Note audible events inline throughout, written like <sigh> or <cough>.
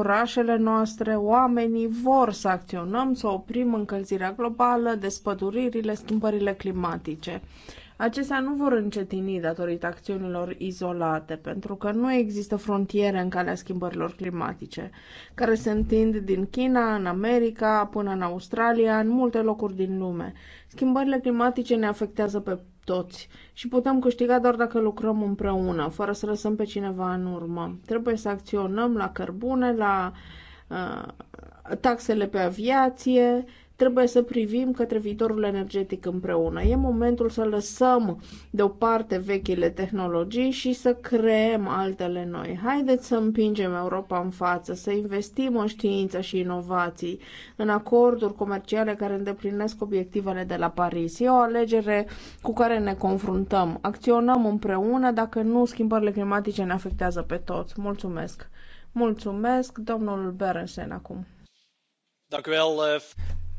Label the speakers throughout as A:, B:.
A: orașele noastre, oamenii vor să acționăm, să oprim încălzirea globală, despăduririle, schimbările climatice. Acestea nu vor încetini datorită acțiunilor izolate, pentru că nu există frontiere în calea schimbărilor climatice, care se întind din China, în America, până în Australia, în multe locuri din lume. Schimbările climatice ne afectează pe toți și putem câștiga doar dacă lucrăm împreună, fără să lăsăm pe cineva în urmă. Trebuie să acționăm la cărbune, la uh, taxele pe aviație, Trebuie să privim către viitorul energetic împreună. E momentul să lăsăm deoparte vechile tehnologii și să creăm altele noi. Haideți să împingem Europa în față, să investim în știință și inovații, în acorduri comerciale care îndeplinesc obiectivele de la Paris. E o alegere cu care ne confruntăm. Acționăm împreună dacă nu schimbările climatice ne afectează pe toți. Mulțumesc! Mulțumesc,
B: domnul Berensen, acum. Eh,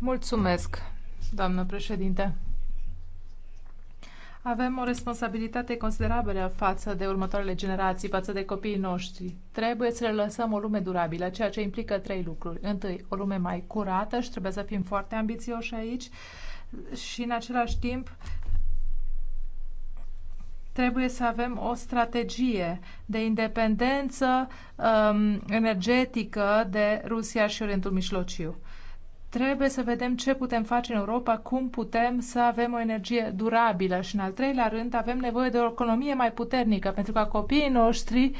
B: Mulțumesc, doamnă președinte. Avem o responsabilitate considerabilă față de următoarele generații, față de copiii noștri. Trebuie să le lăsăm o lume durabilă, ceea ce implică trei lucruri. Întâi, o lume mai curată și trebuie să fim foarte ambițioși aici și în același timp trebuie să avem o strategie de independență um, energetică de Rusia și Orientul Mijlociu. Trebuie să vedem ce putem face în Europa, cum putem să avem o energie durabilă și, în al treilea rând, avem nevoie de o economie mai puternică, pentru ca copiii noștri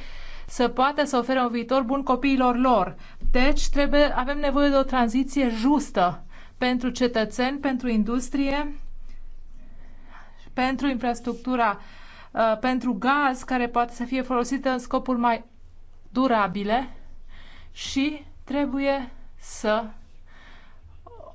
B: să poată să ofere un viitor bun copiilor lor. Deci, trebuie, avem nevoie de o tranziție justă pentru cetățeni, pentru industrie, pentru infrastructura, uh, pentru gaz care poate să fie folosită în scopuri mai durabile și trebuie să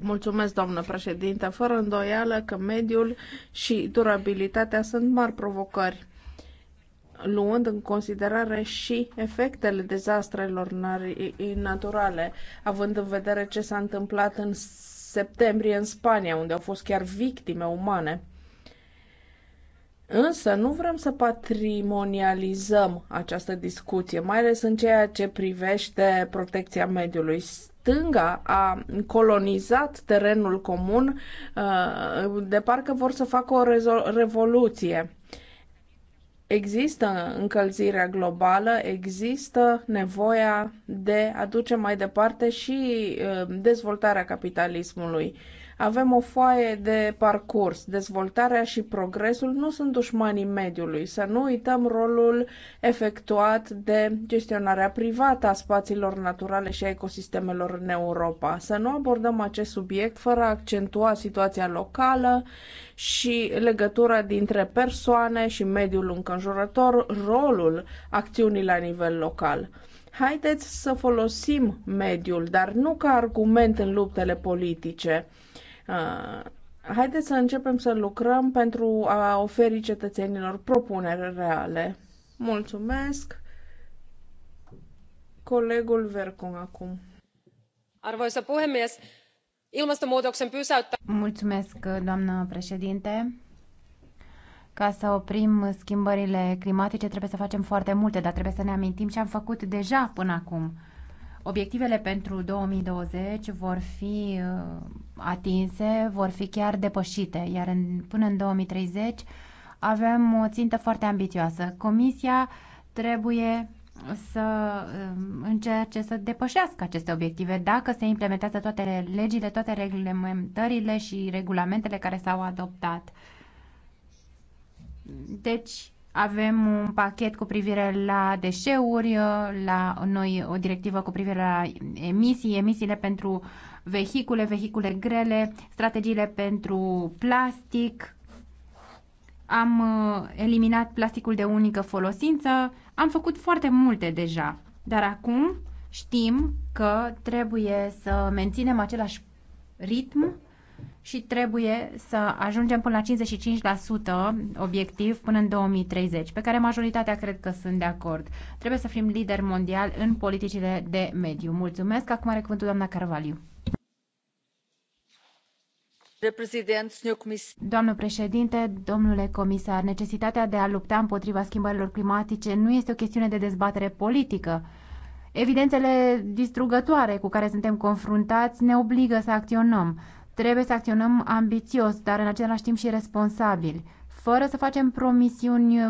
A: Mulțumesc, doamnă președinte. Fără îndoială că mediul și durabilitatea sunt mari provocări, luând în considerare și efectele dezastrelor naturale, având în vedere ce s-a întâmplat în septembrie în Spania, unde au fost chiar victime umane. Însă nu vrem să patrimonializăm această discuție, mai ales în ceea ce privește protecția mediului. Stânga a colonizat terenul comun uh, de parcă vor să facă o revoluție. Există încălzirea globală, există nevoia de a duce mai departe și uh, dezvoltarea capitalismului. Avem o foaie de parcurs. Dezvoltarea și progresul nu sunt dușmanii mediului. Să nu uităm rolul efectuat de gestionarea privată a spațiilor naturale și a ecosistemelor în Europa. Să nu abordăm acest subiect fără a accentua situația locală și legătura dintre persoane și mediul înconjurător, rolul acțiunii la nivel local. Haideți să folosim mediul, dar nu ca argument în luptele politice. Uh, haideți să începem să lucrăm pentru a oferi cetățenilor propuneri reale. Mulțumesc!
C: Colegul Vercon acum. Arvoisa puhemies, ilmastonmuutoksen pysäyttä... Mulțumesc, doamnă președinte. Ca să oprim schimbările climatice trebuie să facem foarte multe, dar trebuie să ne amintim ce am făcut deja până acum. Obiectivele pentru 2020 vor fi uh, atinse, vor fi chiar depășite, iar în, până în 2030 avem o țintă foarte ambițioasă. Comisia trebuie să uh, încerce să depășească aceste obiective dacă se implementează toate legile, toate reglementările și regulamentele care s-au adoptat. Deci, avem un pachet cu privire la deșeuri, la noi o directivă cu privire la emisii, emisiile pentru vehicule, vehicule grele, strategiile pentru plastic. Am uh, eliminat plasticul de unică folosință. Am făcut foarte multe deja, dar acum știm că trebuie să menținem același ritm și trebuie să ajungem până la 55% obiectiv până în 2030, pe care majoritatea cred că sunt de acord. Trebuie să fim lideri mondial în politicile de mediu. Mulțumesc. Acum are cuvântul doamna Carvaliu. Doamnă președinte, domnule comisar, necesitatea de a lupta împotriva schimbărilor climatice nu este o chestiune de dezbatere politică. Evidențele distrugătoare cu care suntem confruntați ne obligă să acționăm. Trebuie să acționăm ambițios, dar în același timp și responsabil, fără să facem promisiuni uh,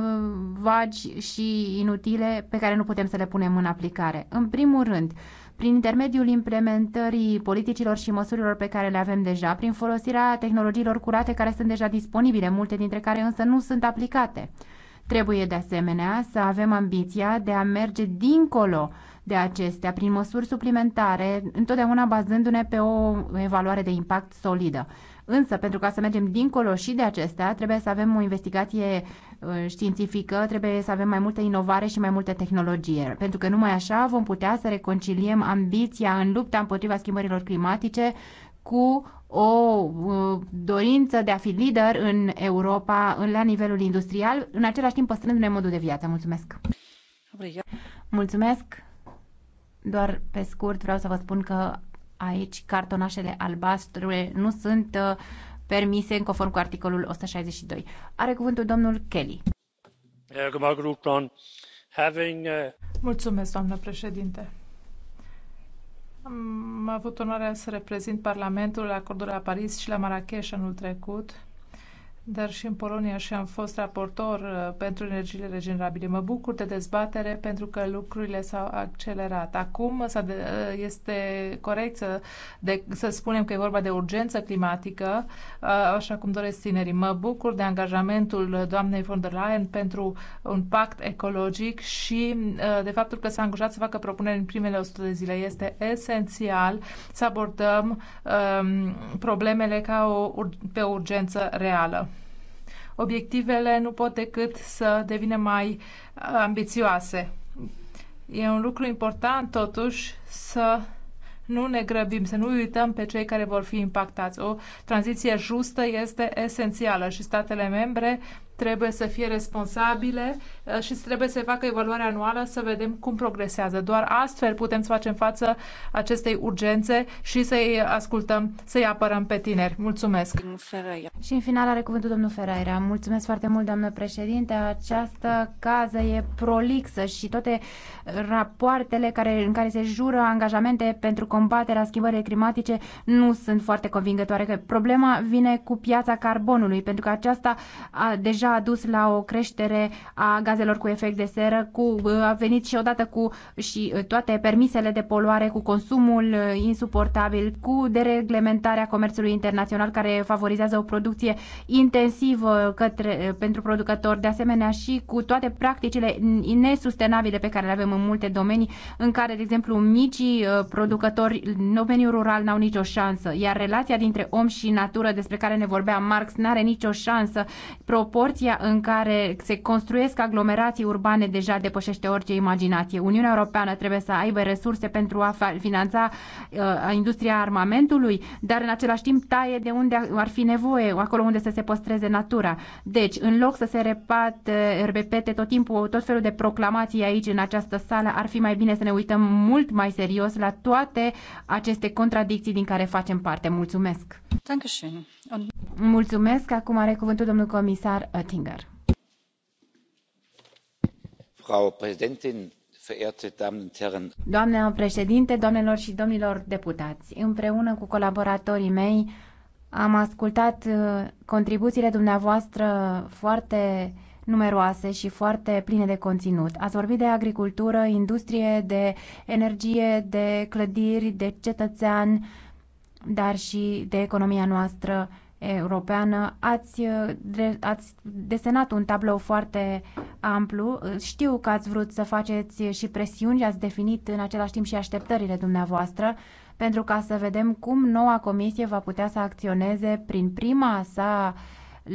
C: vagi și inutile pe care nu putem să le punem în aplicare. În primul rând, prin intermediul implementării politicilor și măsurilor pe care le avem deja, prin folosirea tehnologiilor curate care sunt deja disponibile, multe dintre care însă nu sunt aplicate. Trebuie de asemenea să avem ambiția de a merge dincolo de acestea prin măsuri suplimentare, întotdeauna bazându-ne pe o evaluare de impact solidă. Însă, pentru ca să mergem dincolo și de acestea, trebuie să avem o investigație uh, științifică, trebuie să avem mai multă inovare și mai multă tehnologie, pentru că numai așa vom putea să reconciliem ambiția în lupta împotriva schimbărilor climatice cu o uh, dorință de a fi lider în Europa la nivelul industrial, în același timp păstrându-ne modul de viață. Mulțumesc! Mulțumesc! Doar pe scurt vreau să vă spun că aici cartonașele albastre nu sunt uh, permise în conform cu articolul 162. Are cuvântul domnul Kelly.
D: Uh,
B: Mulțumesc, doamnă președinte. Am avut onoarea să reprezint Parlamentul la acordul la Paris și la Marrakesh anul trecut dar și în Polonia și am fost raportor uh, pentru energiile regenerabile. Mă bucur de dezbatere pentru că lucrurile s-au accelerat. Acum uh, este corect să, de, să spunem că e vorba de urgență climatică, uh, așa cum doresc tinerii. Mă bucur de angajamentul doamnei von der Leyen pentru un pact ecologic și de faptul că s-a angajat să facă propuneri în primele 100 de zile. Este esențial să abordăm um, problemele ca o, pe o urgență reală obiectivele nu pot decât să devină mai uh, ambițioase. E un lucru important, totuși, să nu ne grăbim, să nu uităm pe cei care vor fi impactați. O tranziție justă este esențială și statele membre trebuie să fie responsabile uh, și trebuie să facă evaluarea anuală să vedem cum progresează. Doar astfel putem să facem față acestei urgențe și să-i
C: ascultăm, să-i apărăm pe tineri. Mulțumesc! Și în final are cuvântul domnul Ferreira. Mulțumesc foarte mult, doamnă președinte. Această cază e prolixă și toate rapoartele care, în care se jură angajamente pentru combaterea schimbării climatice nu sunt foarte convingătoare. Că problema vine cu piața carbonului, pentru că aceasta a, deja deja a dus la o creștere a gazelor cu efect de seră, cu, uh, a venit și odată cu și uh, toate permisele de poluare, cu consumul uh, insuportabil, cu dereglementarea comerțului internațional care favorizează o producție intensivă către, pentru producători, de asemenea și cu toate practicile nesustenabile pe care le avem în multe domenii, în care, de exemplu, micii producători în domeniul rural n-au nicio șansă, iar relația dintre om și natură despre care ne vorbea Marx n-are nicio șansă. proporție situația în care se construiesc aglomerații urbane deja depășește orice imaginație. Uniunea Europeană trebuie să aibă resurse pentru a finanța uh, industria armamentului, dar în același timp taie de unde ar fi nevoie, acolo unde să se păstreze natura. Deci, în loc să se repat, uh, repete tot timpul tot felul de proclamații aici, în această sală, ar fi mai bine să ne uităm mult mai serios la toate aceste contradicții din care facem parte. Mulțumesc! Mulțumesc! Acum are cuvântul domnul comisar Oettinger. Doamnă președinte, doamnelor și domnilor deputați, împreună cu colaboratorii mei am ascultat uh, contribuțiile dumneavoastră foarte numeroase și foarte pline de conținut. Ați vorbit de agricultură, industrie, de energie, de clădiri, de cetățean, dar și de economia noastră Europeană, ați, uh, ați desenat un tablou foarte amplu. Știu că ați vrut să faceți și presiuni, ați definit în același timp și așteptările dumneavoastră, pentru ca să vedem cum noua comisie va putea să acționeze prin prima sa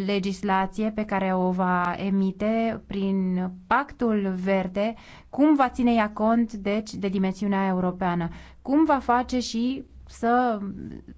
C: legislație pe care o va emite prin pactul verde, cum va ține ea cont, deci, de dimensiunea europeană, cum va face și să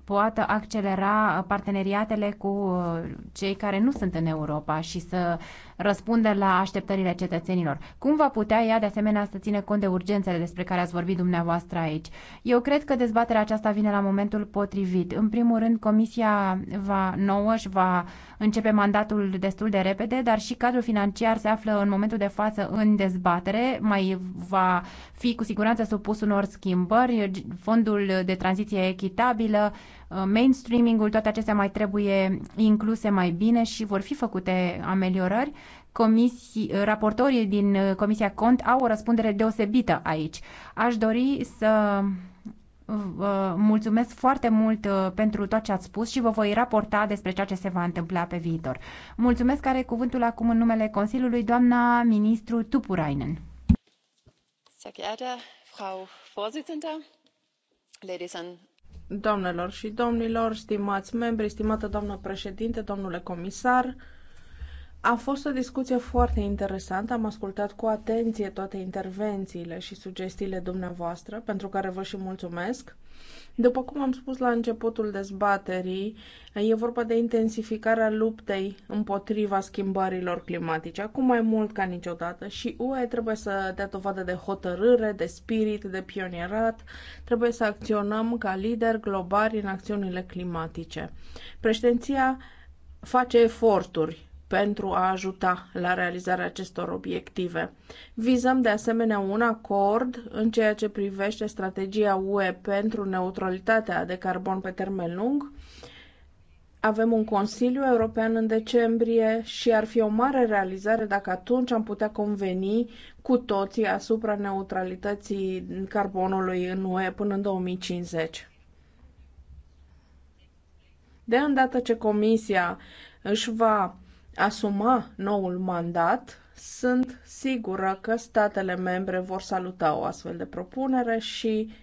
C: poată accelera parteneriatele cu uh, cei care nu sunt în Europa și să răspunde la așteptările cetățenilor. Cum va putea ea, de asemenea, să ține cont de urgențele despre care ați vorbit dumneavoastră aici? Eu cred că dezbaterea aceasta vine la momentul potrivit. În primul rând, Comisia va nouă și va începe mandatul destul de repede, dar și cadrul financiar se află în momentul de față în dezbatere, mai va fi cu siguranță supus unor schimbări, fondul de tranziție echitabilă, Uh, mainstreaming-ul, toate acestea mai trebuie incluse mai bine și vor fi făcute ameliorări. Comisii, uh, raportorii din uh, Comisia Cont au o răspundere deosebită aici. Aș dori să vă mulțumesc foarte mult pentru tot ce ați spus și vă voi raporta despre ceea ce se va întâmpla pe viitor. Mulțumesc, care cuvântul acum în numele Consiliului, doamna ministru Tupurainen. Sehr geehrte Frau Vorsitzende, ladies and
A: Doamnelor și domnilor, stimați membri, stimată doamnă președinte, domnule comisar, a fost o discuție foarte interesantă. Am ascultat cu atenție toate intervențiile și sugestiile dumneavoastră, pentru care vă și mulțumesc. După cum am spus la începutul dezbaterii, e vorba de intensificarea luptei împotriva schimbărilor climatice, acum mai mult ca niciodată și UE trebuie să dea dovadă de hotărâre, de spirit, de pionierat, trebuie să acționăm ca lideri globali în acțiunile climatice. Președinția face eforturi pentru a ajuta la realizarea acestor obiective. Vizăm de asemenea un acord în ceea ce privește strategia UE pentru neutralitatea de carbon pe termen lung. Avem un Consiliu European în decembrie și ar fi o mare realizare dacă atunci am putea conveni cu toții asupra neutralității carbonului în UE până în 2050. De îndată ce Comisia își va asuma noul mandat, sunt sigură că statele membre vor saluta o astfel de propunere și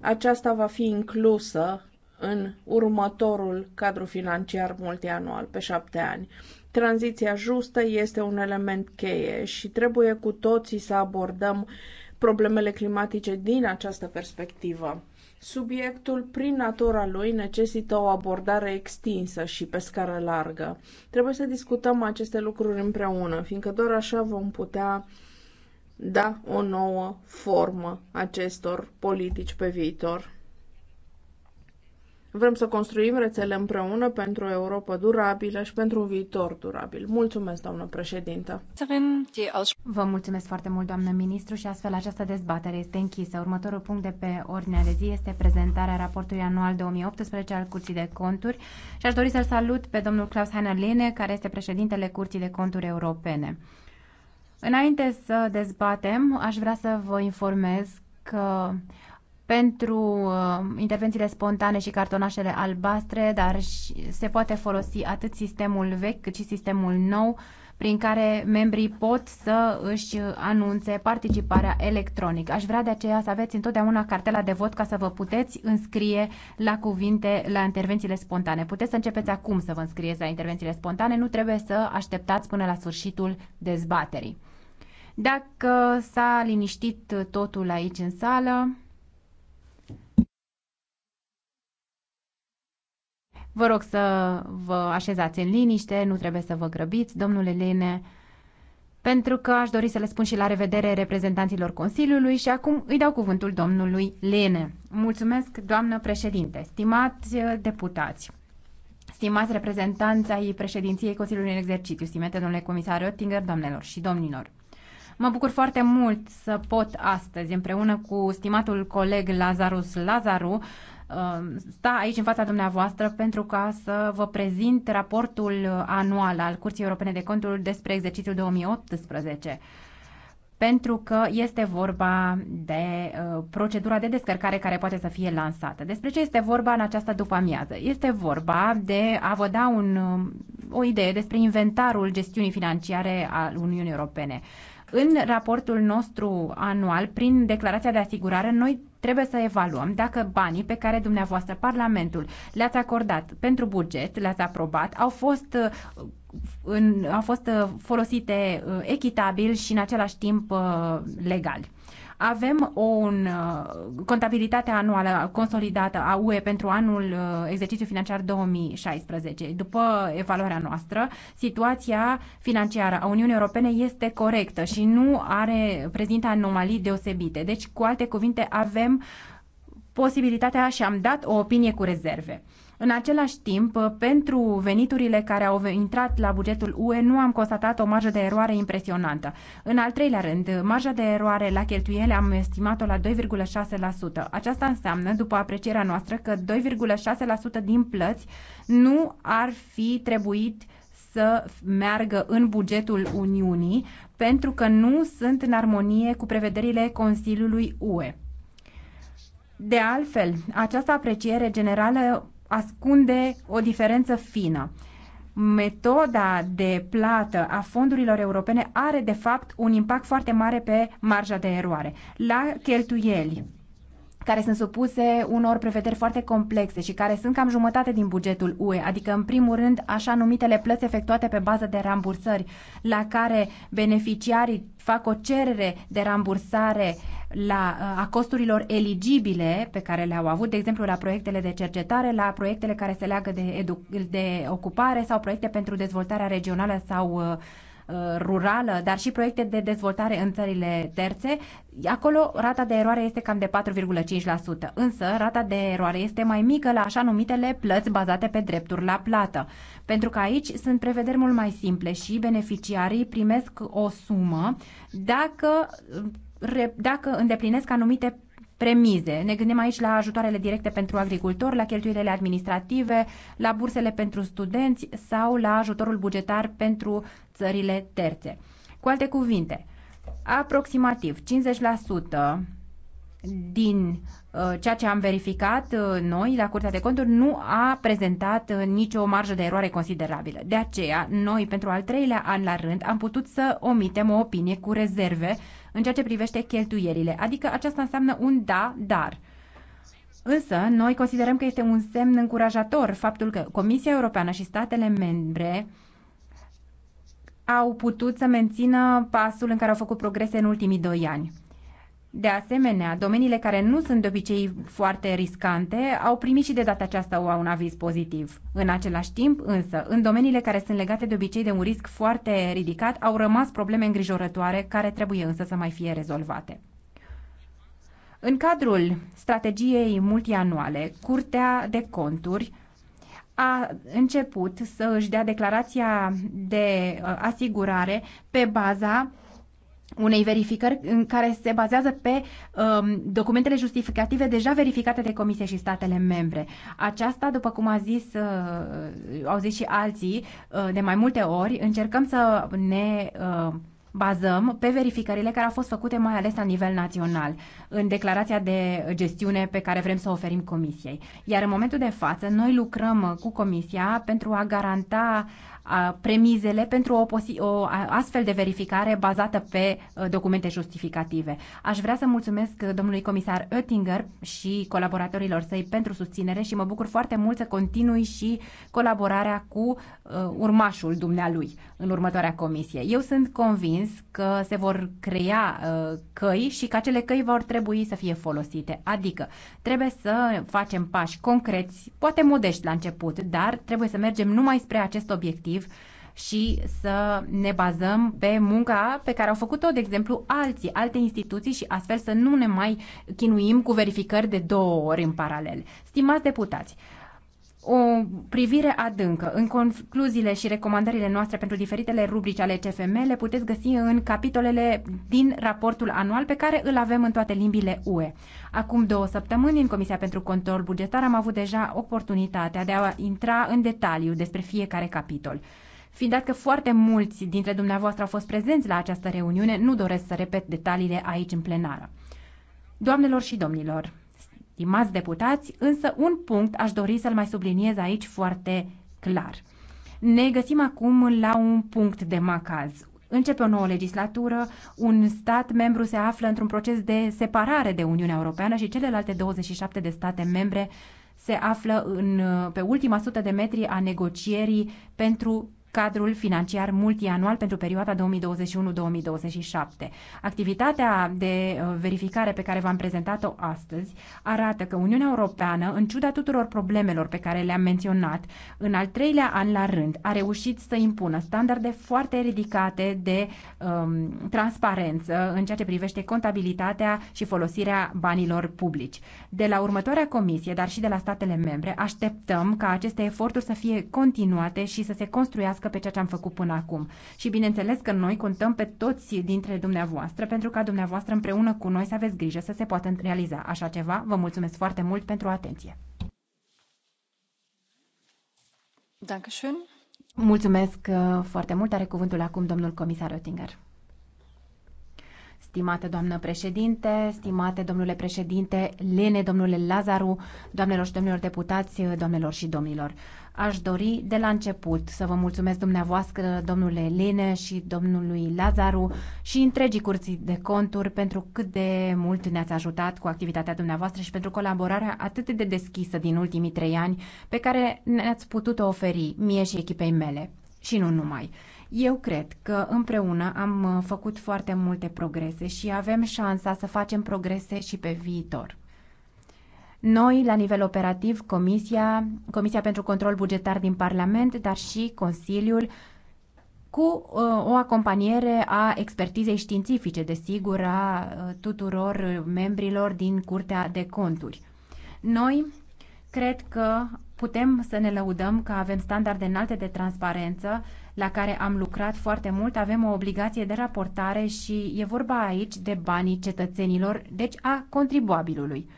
A: aceasta va fi inclusă în următorul cadru financiar multianual pe șapte ani. Tranziția justă este un element cheie și trebuie cu toții să abordăm problemele climatice din această perspectivă. Subiectul, prin natura lui, necesită o abordare extinsă și pe scară largă. Trebuie să discutăm aceste lucruri împreună, fiindcă doar așa vom putea da o nouă formă acestor politici pe viitor. Vrem să construim rețele împreună pentru o Europa durabilă și pentru un viitor durabil.
C: Mulțumesc, doamnă președintă! Vă mulțumesc foarte mult, doamnă ministru, și astfel această dezbatere este închisă. Următorul punct de pe ordinea de zi este prezentarea raportului anual 2018 al Curții de Conturi și aș dori să-l salut pe domnul Klaus Heiner care este președintele Curții de Conturi Europene. Înainte să dezbatem, aș vrea să vă informez că pentru uh, intervențiile spontane și cartonașele albastre, dar se poate folosi atât sistemul vechi cât și sistemul nou prin care membrii pot să își anunțe participarea electronic. Aș vrea de aceea să aveți întotdeauna cartela de vot ca să vă puteți înscrie la cuvinte, la intervențiile spontane. Puteți să începeți acum să vă înscrieți la intervențiile spontane, nu trebuie să așteptați până la sfârșitul dezbaterii. Dacă s-a liniștit totul aici în sală, Vă rog să vă așezați în liniște, nu trebuie să vă grăbiți, domnule Lene, pentru că aș dori să le spun și la revedere reprezentanților Consiliului și acum îi dau cuvântul domnului Lene. Mulțumesc, doamnă președinte, stimați uh, deputați. Stimați reprezentanți ai președinției Consiliului în exercițiu, stimate domnule comisar Oettinger, doamnelor și domnilor. Mă bucur foarte mult să pot astăzi, împreună cu stimatul coleg Lazarus Lazaru, Um, sta aici în fața dumneavoastră pentru ca să vă prezint raportul anual al Curții Europene de Conturi despre exercițiul 2018 pentru că este vorba de uh, procedura de descărcare care poate să fie lansată. Despre ce este vorba în această după-amiază? Este vorba de a vă da un, um, o idee despre inventarul gestiunii financiare al Uniunii Europene. În raportul nostru anual, prin declarația de asigurare, noi trebuie să evaluăm dacă banii pe care dumneavoastră Parlamentul le-ați acordat pentru buget, le-ați aprobat, au fost uh, în, au fost uh, folosite uh, echitabil și în același timp legal. Avem o un, uh, contabilitate anuală consolidată a UE pentru anul uh, exercițiu financiar 2016. După evaluarea noastră, situația financiară a Uniunii Europene este corectă și nu are prezintă anomalii deosebite. Deci, cu alte cuvinte, avem posibilitatea și am dat o opinie cu rezerve. În același timp, pentru veniturile care au intrat la bugetul UE, nu am constatat o marjă de eroare impresionantă. În al treilea rând, marja de eroare la cheltuiele am estimat-o la 2,6%. Aceasta înseamnă, după aprecierea noastră, că 2,6% din plăți nu ar fi trebuit să meargă în bugetul Uniunii, pentru că nu sunt în armonie cu prevederile Consiliului UE. De altfel, această apreciere generală ascunde o diferență fină. Metoda de plată a fondurilor europene are, de fapt, un impact foarte mare pe marja de eroare. La cheltuieli, care sunt supuse unor prevederi foarte complexe și care sunt cam jumătate din bugetul UE, adică în primul rând așa numitele plăți efectuate pe bază de rambursări, la care beneficiarii fac o cerere de rambursare la, a costurilor eligibile pe care le-au avut, de exemplu la proiectele de cercetare, la proiectele care se leagă de, de ocupare sau proiecte pentru dezvoltarea regională sau uh, Uh, rurală, dar și proiecte de dezvoltare în țările terțe, acolo rata de eroare este cam de 4,5%. Însă, rata de eroare este mai mică la așa numitele plăți bazate pe drepturi la plată. Pentru că aici sunt prevederi mult mai simple și beneficiarii primesc o sumă dacă, uh, dacă îndeplinesc anumite premize. Ne gândim aici la ajutoarele directe pentru agricultori, la cheltuielile administrative, la bursele pentru studenți sau la ajutorul bugetar pentru țările terțe. Cu alte cuvinte, aproximativ 50% din uh, ceea ce am verificat uh, noi la Curtea de Conturi nu a prezentat uh, nicio marjă de eroare considerabilă. De aceea, noi, pentru al treilea an la rând, am putut să omitem o opinie cu rezerve în ceea ce privește cheltuierile. adică aceasta înseamnă un da, dar. Însă, noi considerăm că este un semn încurajator faptul că Comisia Europeană și statele membre uh, au putut să mențină pasul în care au făcut progrese în ultimii doi ani. De asemenea, domeniile care nu sunt de obicei foarte riscante au primit și de data aceasta un aviz pozitiv. În același timp, însă, în domeniile care sunt legate de obicei de un risc foarte ridicat, au rămas probleme îngrijorătoare care trebuie însă să mai fie rezolvate. În cadrul strategiei multianuale, Curtea de Conturi a început să își dea declarația de uh, asigurare pe baza unei verificări în care se bazează pe um, documentele justificative deja verificate de Comisie și statele membre. Aceasta, după cum a zis, uh, au zis și alții uh, de mai multe ori, încercăm să ne uh, bazăm pe verificările care au fost făcute mai ales la nivel național în declarația de gestiune pe care vrem să o oferim Comisiei. Iar în momentul de față, noi lucrăm cu Comisia pentru a garanta premizele pentru o, o astfel de verificare bazată pe documente justificative. Aș vrea să mulțumesc domnului comisar Oettinger și colaboratorilor săi pentru susținere și mă bucur foarte mult să continui și colaborarea cu uh, urmașul dumnealui în următoarea comisie. Eu sunt convins că se vor crea uh, căi și că acele căi vor trebui să fie folosite. Adică trebuie să facem pași concreți, poate modești la început, dar trebuie să mergem numai spre acest obiectiv și să ne bazăm pe munca pe care au făcut-o, de exemplu, alții, alte instituții și astfel să nu ne mai chinuim cu verificări de două ori în paralel. Stimați deputați, o privire adâncă. În concluziile și recomandările noastre pentru diferitele rubrici ale CFM le puteți găsi în capitolele din raportul anual pe care îl avem în toate limbile UE. Acum două săptămâni, în Comisia pentru Control Bugetar, am avut deja oportunitatea de a intra în detaliu despre fiecare capitol. Fiind dat că foarte mulți dintre dumneavoastră au fost prezenți la această reuniune, nu doresc să repet detaliile aici în plenară. Doamnelor și domnilor, stimați deputați, însă un punct aș dori să-l mai subliniez aici foarte clar. Ne găsim acum la un punct de macaz. Începe o nouă legislatură, un stat membru se află într-un proces de separare de Uniunea Europeană și celelalte 27 de state membre se află în, pe ultima sută de metri a negocierii pentru cadrul financiar multianual pentru perioada 2021-2027. Activitatea de uh, verificare pe care v-am prezentat-o astăzi arată că Uniunea Europeană, în ciuda tuturor problemelor pe care le-am menționat, în al treilea an la rând a reușit să impună standarde foarte ridicate de um, transparență în ceea ce privește contabilitatea și folosirea banilor publici. De la următoarea comisie, dar și de la statele membre, așteptăm ca aceste eforturi să fie continuate și să se construiască îmbunătățească pe ceea ce am făcut până acum. Și bineînțeles că noi contăm pe toți dintre dumneavoastră pentru ca dumneavoastră împreună cu noi să aveți grijă să se poată realiza așa ceva. Vă mulțumesc foarte mult pentru atenție. Dankeschön. Mulțumesc uh, foarte mult. Are cuvântul acum domnul comisar Oettinger. Stimată doamnă președinte, stimate domnule președinte, Lene, domnule Lazaru, doamnelor și domnilor deputați, domnilor și domnilor. Aș dori de la început să vă mulțumesc dumneavoastră, domnule Lene și domnului Lazaru și întregii curții de conturi pentru cât de mult ne-ați ajutat cu activitatea dumneavoastră și pentru colaborarea atât de deschisă din ultimii trei ani pe care ne-ați putut oferi mie și echipei mele și nu numai. Eu cred că împreună am uh, făcut foarte multe progrese și avem șansa să facem progrese și pe viitor. Noi, la nivel operativ, Comisia, Comisia pentru Control Bugetar din Parlament, dar și Consiliul, cu uh, o acompaniere a expertizei științifice, desigur, a uh, tuturor membrilor din Curtea de Conturi. Noi cred că putem să ne lăudăm că avem standarde înalte de transparență la care am lucrat foarte mult, avem o obligație de raportare și e vorba aici de banii cetățenilor, deci a contribuabilului.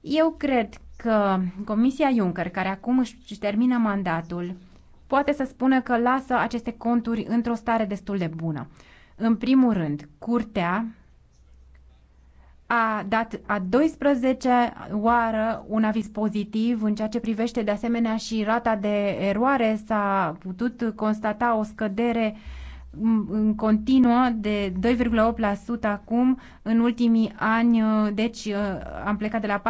C: Eu cred că Comisia Juncker, care acum își termină mandatul, poate să spună că lasă aceste conturi într-o stare destul de bună. În primul rând, curtea a dat a 12 oară un aviz pozitiv în ceea ce privește de asemenea și rata de eroare. S-a putut constata o scădere mm, în continuă de 2,8% acum în ultimii ani, uh, deci uh, am plecat de la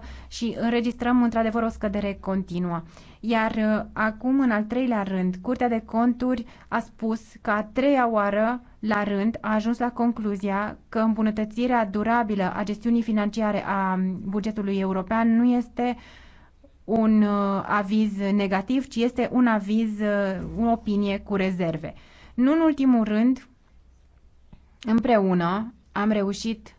C: 4,7% și înregistrăm într-adevăr o scădere continuă. Iar uh, acum, în al treilea rând, Curtea de Conturi a spus că a treia oară la rând, a ajuns la concluzia că îmbunătățirea durabilă a gestiunii financiare a bugetului european nu este un uh, aviz negativ, ci este un aviz, uh, o opinie cu rezerve. Nu în ultimul rând, împreună am reușit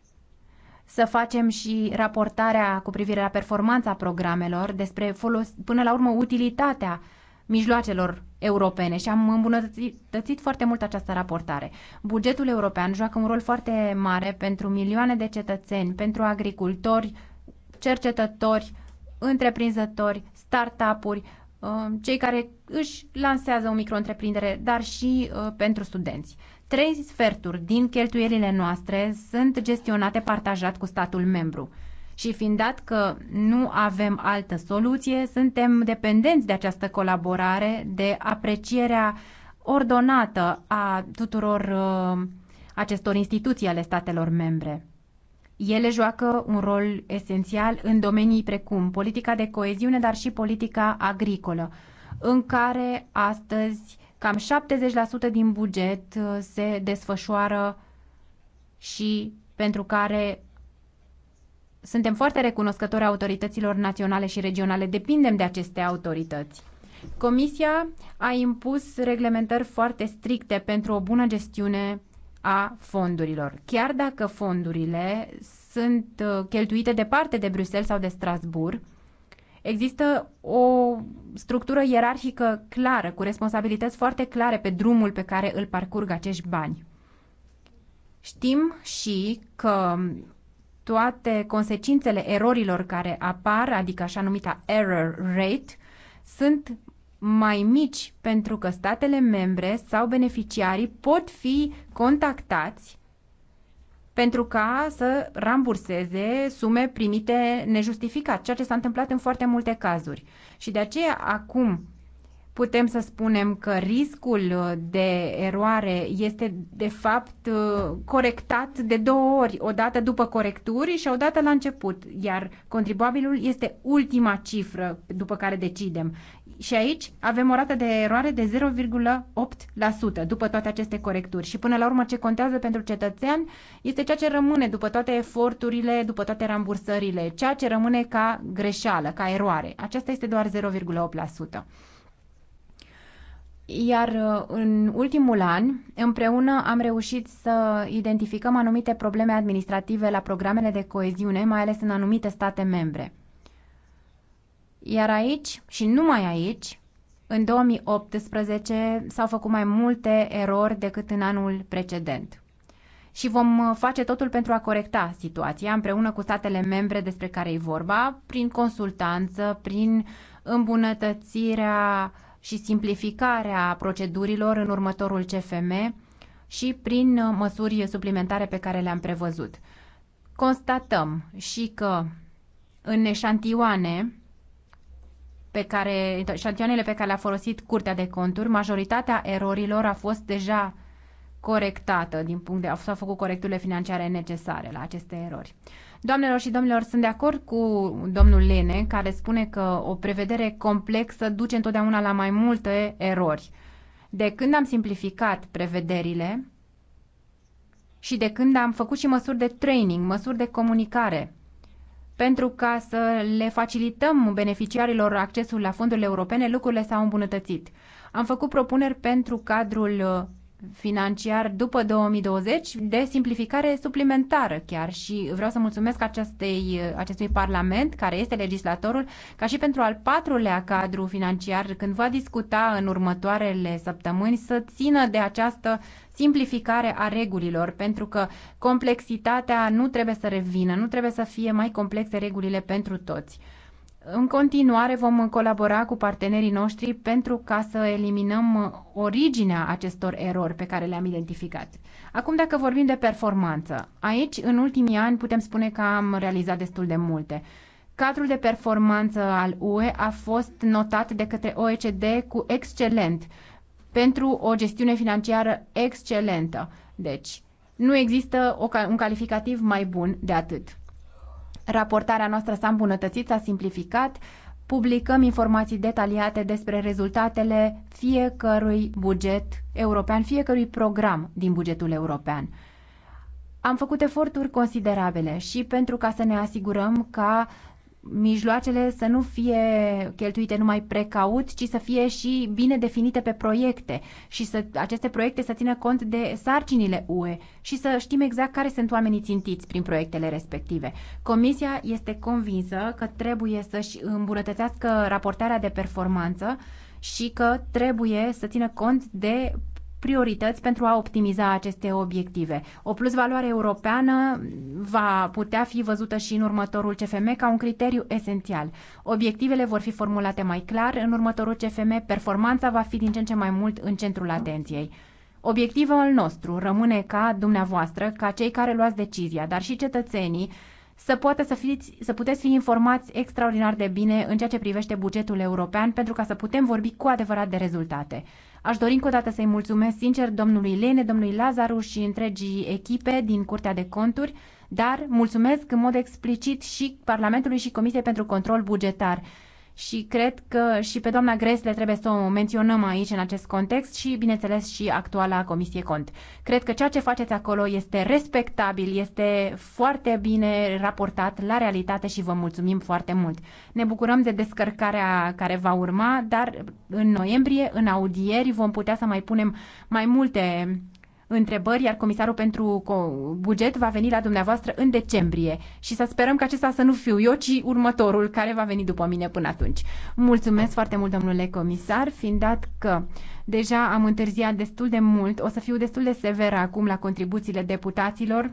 C: să facem și raportarea cu privire la performanța programelor despre folos- până la urmă utilitatea mijloacelor europene și am îmbunătățit foarte mult această raportare. Bugetul european joacă un rol foarte mare pentru milioane de cetățeni, pentru agricultori, cercetători, întreprinzători, startup-uri, uh, cei care își lansează o micro-întreprindere, dar și uh, pentru studenți. Trei sferturi din cheltuielile noastre sunt gestionate partajat cu statul membru. Și fiind dat că nu avem altă soluție, suntem dependenți de această colaborare, de aprecierea ordonată a tuturor uh, acestor instituții ale statelor membre. Ele joacă un rol esențial în domenii precum politica de coeziune, dar și politica agricolă, în care astăzi cam 70% din buget uh, se desfășoară și pentru care suntem foarte recunoscători autorităților naționale și regionale, depindem de aceste autorități. Comisia a impus reglementări foarte stricte pentru o bună gestiune a fondurilor. Chiar dacă fondurile sunt uh, cheltuite departe de Bruxelles sau de Strasbourg, există o structură ierarhică clară, cu responsabilități foarte clare pe drumul pe care îl parcurg acești bani. Știm și că toate consecințele erorilor care apar, adică așa numita error rate, sunt mai mici pentru că statele membre sau beneficiarii pot fi contactați pentru ca să ramburseze sume primite nejustificat, ceea ce s-a întâmplat în foarte multe cazuri. Și de aceea acum putem să spunem că riscul uh, de eroare este de fapt uh, corectat de două ori, o dată după corecturi și o dată la început, iar contribuabilul este ultima cifră după care decidem. Și aici avem o rată de eroare de 0,8% după toate aceste corecturi. Și până la urmă ce contează pentru cetățean este ceea ce rămâne după toate eforturile, după toate rambursările, ceea ce rămâne ca greșeală, ca eroare. Aceasta este doar 0,8%. Iar uh, în ultimul an, împreună am reușit să identificăm anumite probleme administrative la programele de coeziune, mai ales în anumite state membre. Iar aici și numai aici, în 2018 s-au făcut mai multe erori decât în anul precedent. Și vom uh, face totul pentru a corecta situația împreună cu statele membre despre care e vorba, prin consultanță, prin îmbunătățirea uh, și simplificarea procedurilor în următorul CFM și prin uh, măsuri suplimentare pe care le-am prevăzut. Constatăm și că în eșantioane pe care, eșantioanele pe care le-a folosit Curtea de Conturi, majoritatea erorilor a fost deja corectată din punct de s-au făcut corecturile financiare necesare la aceste erori. Doamnelor și domnilor, sunt de acord cu domnul Lene, care spune că o prevedere complexă duce întotdeauna la mai multe erori. De când am simplificat prevederile și de când am făcut și măsuri de training, măsuri de comunicare, pentru ca să le facilităm beneficiarilor accesul la fondurile europene, lucrurile s-au îmbunătățit. Am făcut propuneri pentru cadrul financiar după 2020 de simplificare suplimentară chiar și vreau să mulțumesc acestei, acestui Parlament care este legislatorul ca și pentru al patrulea cadru financiar când va discuta în următoarele săptămâni să țină de această simplificare a regulilor pentru că complexitatea nu trebuie să revină, nu trebuie să fie mai complexe regulile pentru toți. În continuare vom colabora cu partenerii noștri pentru ca să eliminăm originea acestor erori pe care le-am identificat. Acum, dacă vorbim de performanță, aici, în ultimii ani, putem spune că am realizat destul de multe. Cadrul de performanță al UE a fost notat de către OECD cu excelent pentru o gestiune financiară excelentă. Deci, nu există un calificativ mai bun de atât. Raportarea noastră s-a îmbunătățit, s-a simplificat, publicăm informații detaliate despre rezultatele fiecărui buget european, fiecărui program din bugetul european. Am făcut eforturi considerabile și pentru ca să ne asigurăm ca mijloacele să nu fie cheltuite numai precaut, ci să fie și bine definite pe proiecte și să aceste proiecte să țină cont de sarcinile UE și să știm exact care sunt oamenii țintiți prin proiectele respective. Comisia este convinsă că trebuie să-și îmbunătățească raportarea de performanță și că trebuie să țină cont de priorități pentru a optimiza aceste obiective. O plusvaloare europeană va putea fi văzută și în următorul CFM ca un criteriu esențial. Obiectivele vor fi formulate mai clar în următorul CFM, performanța va fi din ce în ce mai mult în centrul atenției. Obiectivul nostru rămâne ca dumneavoastră, ca cei care luați decizia, dar și cetățenii, să poată să, fiți, să puteți fi informați extraordinar de bine în ceea ce privește bugetul european pentru ca să putem vorbi cu adevărat de rezultate. Aș dori încă o dată să-i mulțumesc sincer domnului Lene, domnului Lazaru și întregii echipe din Curtea de Conturi, dar mulțumesc în mod explicit și Parlamentului și Comisiei pentru Control Bugetar și cred că și pe doamna Gresle trebuie să o menționăm aici în acest context și, bineînțeles, și actuala Comisie Cont. Cred că ceea ce faceți acolo este respectabil, este foarte bine raportat la realitate și vă mulțumim foarte mult. Ne bucurăm de descărcarea care va urma, dar în noiembrie, în audieri, vom putea să mai punem mai multe întrebări, iar comisarul pentru buget va veni la dumneavoastră în decembrie și să sperăm că acesta să nu fiu eu, ci următorul care va veni după mine până atunci. Mulțumesc foarte mult, domnule comisar, fiind dat că deja am întârziat destul de mult, o să fiu destul de severă acum la contribuțiile deputaților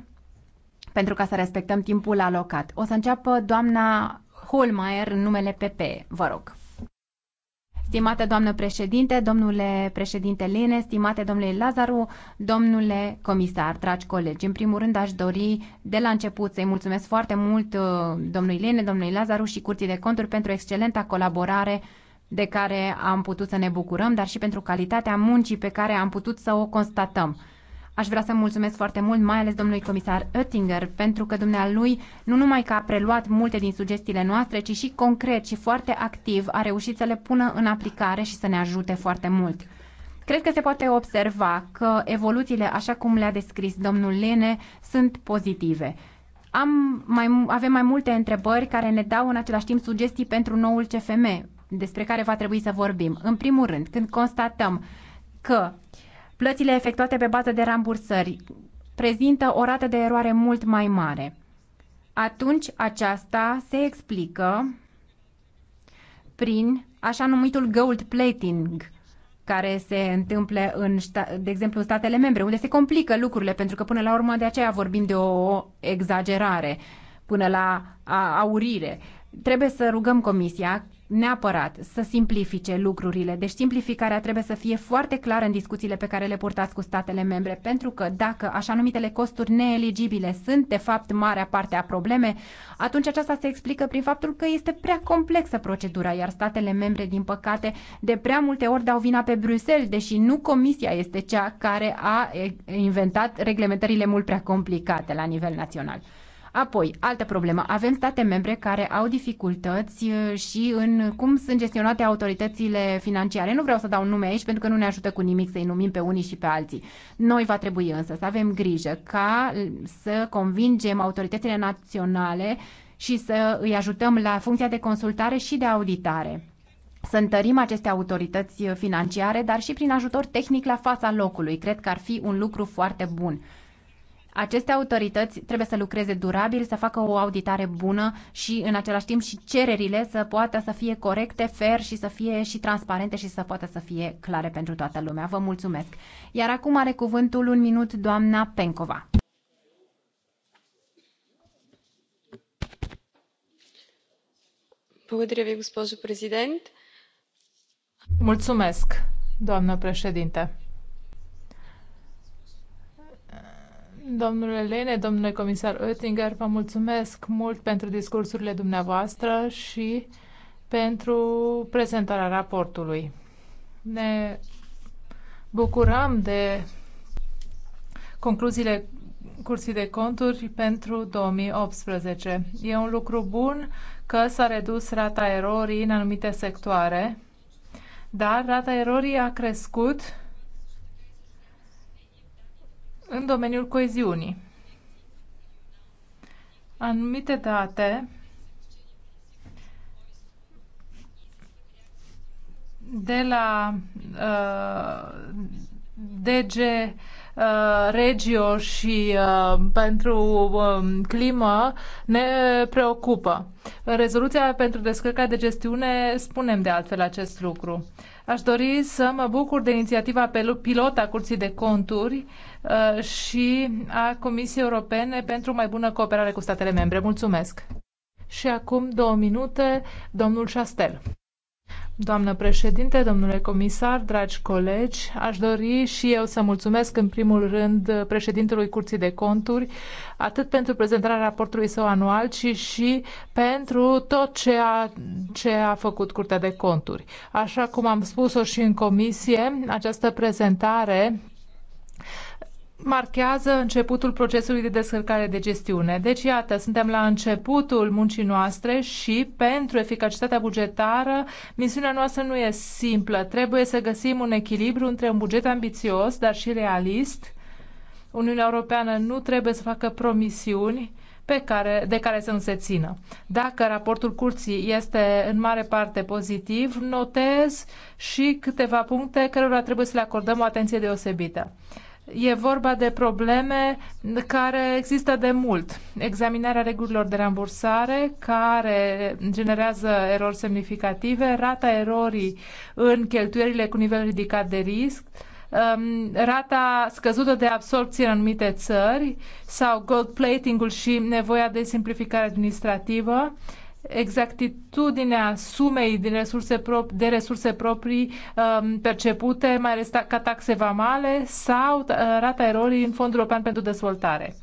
C: pentru ca să respectăm timpul alocat. O să înceapă doamna Holmeier în numele PP, vă rog. Stimate doamnă președinte, domnule președinte Lene, stimate domnule Lazaru, domnule comisar, dragi colegi, în primul rând aș dori de la început să-i mulțumesc foarte mult uh, domnului Lene, domnului Lazaru și Curții de Conturi pentru excelenta colaborare de care am putut să ne bucurăm, dar și pentru calitatea muncii pe care am putut să o constatăm. Aș vrea să mulțumesc foarte mult, mai ales domnului comisar Oettinger, pentru că dumnealui nu numai că a preluat multe din sugestiile noastre, ci și concret și foarte activ a reușit să le pună în aplicare și să ne ajute foarte mult. Cred că se poate observa că evoluțiile, așa cum le-a descris domnul Lene, sunt pozitive. Am mai, avem mai multe întrebări care ne dau în același timp sugestii pentru noul CFM, despre care va trebui să vorbim. În primul rând, când constatăm că uh, Plățile efectuate pe bază de rambursări prezintă o rată de eroare mult mai mare. Atunci aceasta se explică prin așa numitul gold plating, care se întâmplă, în, de exemplu, în statele membre, unde se complică lucrurile, pentru că până la urmă de aceea vorbim de o exagerare, până la aurire. Trebuie să rugăm Comisia neapărat să simplifice lucrurile. Deci simplificarea trebuie să fie foarte clară în discuțiile pe care le purtați cu statele membre, pentru că dacă așa numitele costuri neeligibile sunt de fapt marea parte a probleme, atunci aceasta se explică prin faptul că este prea complexă procedura, iar statele membre, din păcate, de prea multe ori dau vina pe Bruxelles, deși nu Comisia este cea care a inventat reglementările mult prea complicate la nivel național. Apoi, altă problemă. Avem state membre care au dificultăți uh, și în cum sunt gestionate autoritățile financiare. Nu vreau să dau nume aici pentru că nu ne ajută cu nimic să-i numim pe unii și pe alții. Noi va trebui însă să avem grijă ca uh, să convingem autoritățile naționale și să îi ajutăm la funcția de consultare și de auditare să întărim aceste autorități uh, financiare, dar și prin ajutor tehnic la fața locului. Cred că ar fi un lucru foarte bun. Aceste autorități trebuie să lucreze durabil, să facă o auditare bună și în același timp și cererile să poată să fie corecte, fair și să fie și transparente și să poată să fie clare pentru toată lumea. Vă mulțumesc. Iar acum are cuvântul un minut doamna Pencova.
B: Mulțumesc, doamnă președinte Domnule Lene, domnule comisar Oettinger, vă mulțumesc mult pentru discursurile dumneavoastră și pentru prezentarea raportului. Ne bucurăm de concluziile Cursii de Conturi pentru 2018. E un lucru bun că s-a redus rata erorii în anumite sectoare, dar rata erorii a crescut în domeniul coeziunii. Anumite date de la uh, DG uh, Regio și uh, pentru uh, climă ne preocupă. În rezoluția pentru descărcarea de gestiune spunem de altfel acest lucru. Uh, Aș dori să mă bucur de inițiativa pilot a Curții de Conturi uh, și a Comisiei Europene pentru mai bună cooperare cu statele membre. Mulțumesc! Și acum două minute, domnul Chastel. Doamnă președinte, domnule comisar, dragi colegi, aș dori și eu să mulțumesc în primul rând președintelui Curții de Conturi, atât pentru prezentarea raportului său anual, ci și pentru tot ceea ce a făcut Curtea de Conturi. Așa cum am spus-o și în comisie, această prezentare marchează începutul procesului de descărcare de gestiune. Deci, iată, suntem la începutul muncii noastre și pentru eficacitatea bugetară, misiunea noastră nu e simplă. Trebuie să găsim un echilibru între un buget ambițios, dar și realist. Uniunea Europeană nu trebuie să facă promisiuni pe care, de care să nu se țină. Dacă raportul curții este în mare parte pozitiv, notez și câteva puncte cărora trebuie să le acordăm o atenție deosebită. E vorba de probleme care există de mult. Examinarea regulilor de rambursare care generează erori semnificative, rata erorii în cheltuierile cu nivel ridicat de risc, um, rata scăzută de absorpție în anumite țări sau gold plating-ul și nevoia de simplificare administrativă exactitudinea sumei din resurse pro- de resurse proprii um, percepute, mai ales ca taxe vamale sau uh, rata erorii în Fondul European pentru Dezvoltare.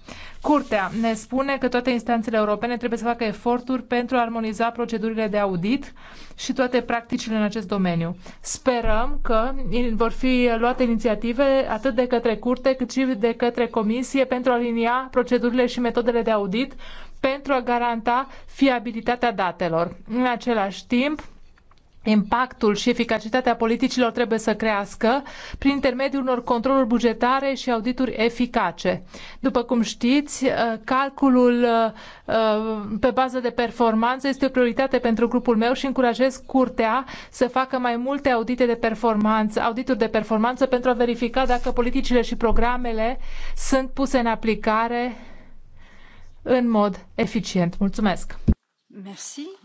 B: Curtea ne spune că toate instanțele europene trebuie să facă eforturi pentru a armoniza procedurile de audit și toate practicile în acest domeniu. Sperăm că vor fi luate inițiative atât de către curte cât și de către comisie pentru a alinia procedurile și metodele de audit pentru a garanta fiabilitatea datelor. În același timp, impactul și eficacitatea politicilor trebuie să crească prin intermediul unor controluri bugetare și audituri eficace. După cum știți, uh, calculul uh, uh, pe bază de performanță este o prioritate pentru grupul meu și încurajez curtea să facă mai multe audite de performanță, audituri de performanță pentru a verifica dacă politicile și programele sunt puse în aplicare în mod eficient. Mulțumesc! Merci.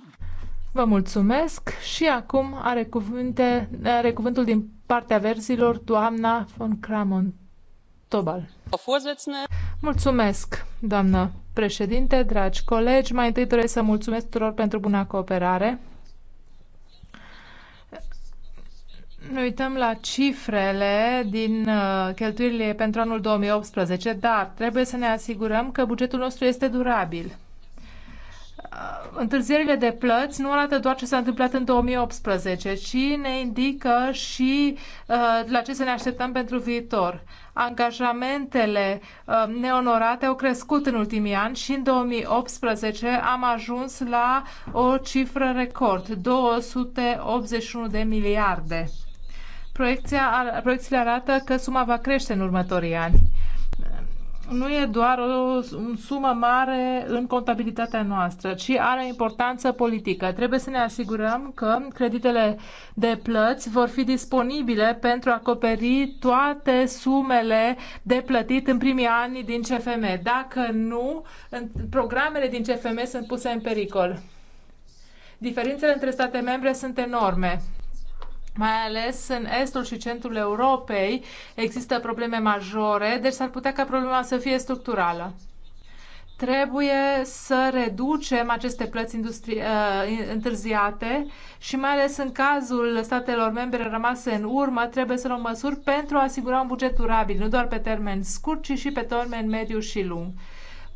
B: Vă mulțumesc și acum are, cuvinte, are cuvântul din partea verzilor doamna von Cramon Tobal. Mulțumesc, doamnă președinte, dragi colegi. Mai întâi doresc să mulțumesc tuturor pentru buna cooperare ne uităm la cifrele din uh, cheltuielile pentru anul 2018, dar trebuie să ne asigurăm că bugetul nostru este durabil. Uh, întârzierile de plăți nu arată doar ce s-a întâmplat în 2018, ci ne indică și uh, la ce să ne așteptăm pentru viitor. Angajamentele uh, neonorate au crescut în ultimii ani și în 2018 am ajuns la o cifră record, 281 de miliarde proiecțiile arată că suma va crește în următorii ani. Nu e doar o sumă mare în contabilitatea noastră, ci are importanță politică. Trebuie să ne asigurăm că creditele de plăți vor fi disponibile pentru a acoperi toate sumele de plătit în primii ani din CFM. Dacă nu, programele din CFM sunt puse în pericol. Diferențele între state membre sunt enorme mai ales în estul și centrul Europei există probleme majore, deci s-ar putea ca problema să fie structurală trebuie să reducem aceste plăți industri- uh, întârziate și mai ales în cazul statelor membre rămase în urmă, trebuie să luăm măsuri pentru a asigura un buget durabil, nu doar pe termen scurt, ci și pe termen mediu și lung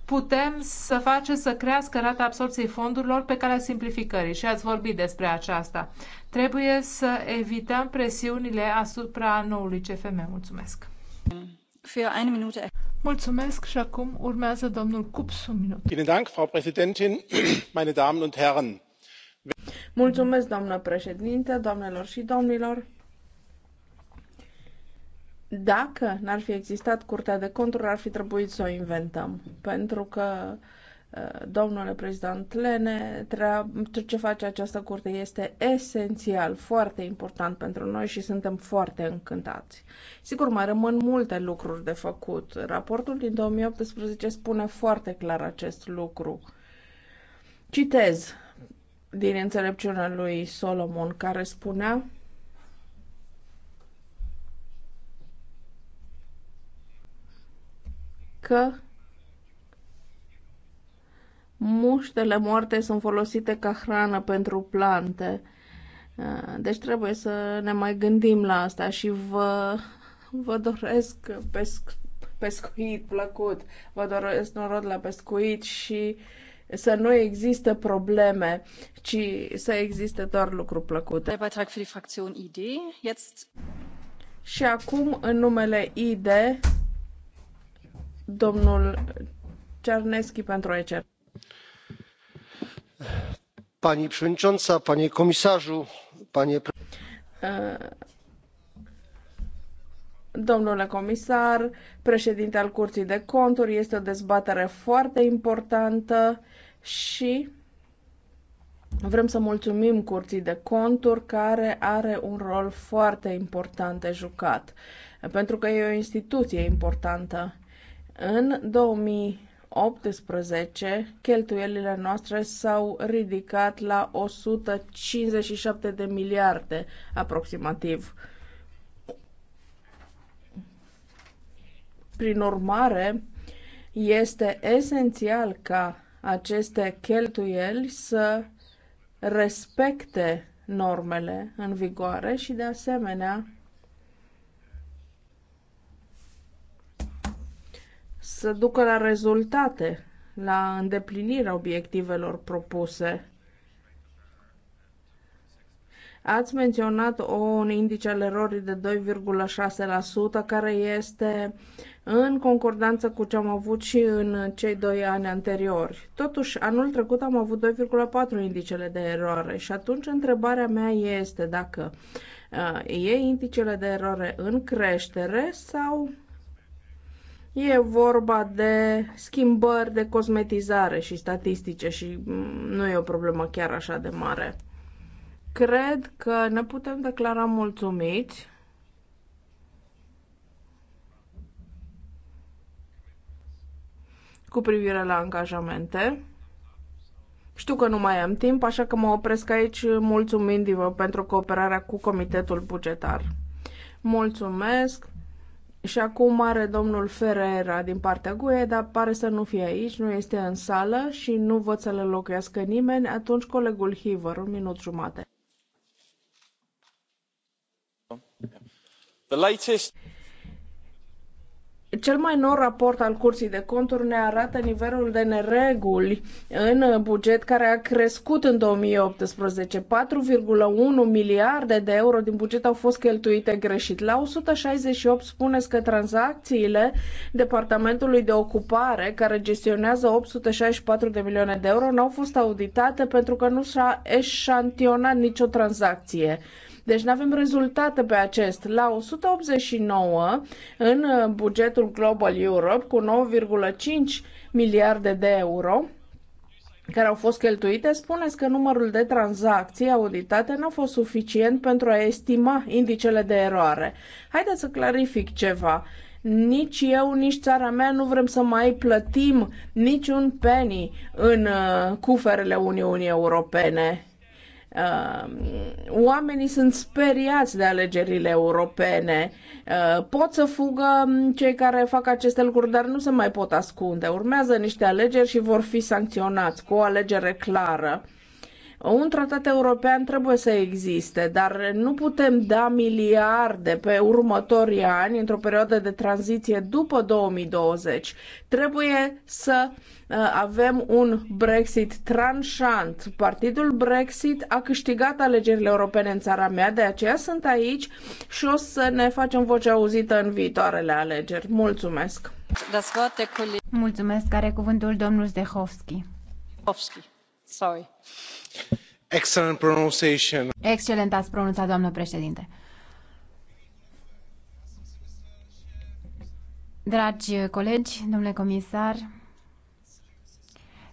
B: putem să facem să crească rata absorbției fondurilor pe calea simplificării și ați vorbit despre aceasta. Trebuie să evităm presiunile asupra noului CFM. Mulțumesc! Mulțumesc și acum urmează domnul Cups un
D: minut. Dank, Frau Präsidentin, <clears throat> meine Damen und Herren.
B: Mulțumesc,
A: doamnă președinte, doamnelor și domnilor. Dacă n-ar fi existat Curtea de Conturi, ar fi trebuit să o inventăm, pentru că uh, domnule prezident Lene, ce face această curte este esențial, foarte important pentru noi și suntem foarte încântați. Sigur, mai rămân multe lucruri de făcut. Raportul din 2018 spune foarte clar acest lucru. Citez din înțelepciunea lui Solomon, care spunea că muștele moarte sunt folosite ca hrană pentru plante. Uh, deci trebuie să ne mai gândim la asta și vă, vă doresc pesc, pescuit plăcut, vă doresc noroc la pescuit și să nu există probleme, ci să existe doar lucruri plăcute. Și acum, în numele IDE, Domnul czarnecki pentru ECR.
D: Pani przewodnicząca, panie komisarzu, panie. Domnule
A: comisar, președinte al Curții de Conturi, este o dezbatere foarte importantă și Vrem să mulțumim Curții de Conturi, care are un rol foarte important de jucat, pentru că e o instituție importantă. În 2018, cheltuielile noastre s-au ridicat la 157 de miliarde aproximativ. Prin urmare, este esențial ca aceste cheltuieli să respecte normele în vigoare și, de asemenea, să ducă la rezultate, la îndeplinirea obiectivelor propuse. Ați menționat un indice al erorii de 2,6% care este în concordanță cu ce am avut și în cei doi ani anteriori. Totuși, anul trecut am avut 2,4 indicele de eroare și atunci întrebarea mea este dacă uh, e indicele de eroare în creștere sau E vorba de schimbări de cosmetizare și statistice și mm, nu e o problemă chiar așa de mare. Cred că ne putem declara mulțumiți cu privire la angajamente. Știu că nu mai am timp, așa că mă opresc aici mulțumindu-vă pentru cooperarea cu Comitetul Bugetar. Mulțumesc! Și acum are domnul Ferreira din partea GUE, dar pare să nu fie aici, nu este în sală și nu văd să le locuiască nimeni. Atunci colegul Hiver, un minut jumate.
D: The latest...
A: Cel mai nou raport al Curții de Conturi ne arată nivelul de nereguli în buget care a crescut în 2018. 4,1 miliarde de euro din buget au fost cheltuite greșit. La 168 spuneți că tranzacțiile Departamentului de Ocupare, care gestionează 864 de milioane de euro, n-au fost auditate pentru că nu s-a eșantionat nicio tranzacție. Deci nu avem rezultate pe acest. La 189 în uh, bugetul Global Europe cu 9,5 miliarde de euro, care au fost cheltuite, spuneți că numărul de tranzacții auditate nu a fost suficient pentru a estima indicele de eroare. Haideți să clarific ceva. Nici eu, nici țara mea nu vrem să mai plătim niciun penny în uh, cuferele Uniunii Europene. Um, oamenii sunt speriați de alegerile europene. Uh, pot să fugă um, cei care fac aceste lucruri, dar nu se mai pot ascunde. Urmează niște alegeri și vor fi sancționați cu o alegere clară un tratat european trebuie să existe, dar nu putem da miliarde pe următorii ani, într-o perioadă de tranziție după 2020. Trebuie să uh, avem un Brexit tranșant. Partidul Brexit a câștigat alegerile europene în țara mea, de aceea sunt aici și o să ne facem voce auzită în viitoarele
C: alegeri. Mulțumesc! Mulțumesc, are cuvântul domnul Zdehovski. Sorry. Excelent ați pronunțat, doamnă președinte. Dragi colegi, domnule comisar,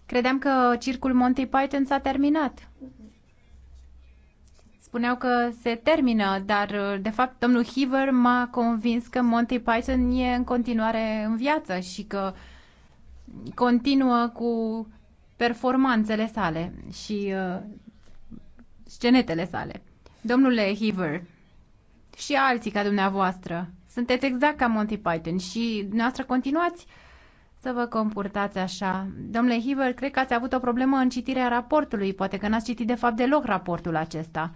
C: credeam că circul Monty Python s-a terminat. Spuneau că se termină, dar de fapt domnul Heaver m-a convins că Monty Python e în continuare în viață și că continuă cu performanțele sale și uh, scenetele sale. Domnule Heaver, și alții ca dumneavoastră, sunteți exact ca Monty Python și dumneavoastră continuați să vă comportați așa. Domnule Heaver, cred că ați avut o problemă în citirea raportului. Poate că n-ați citit de fapt deloc raportul acesta.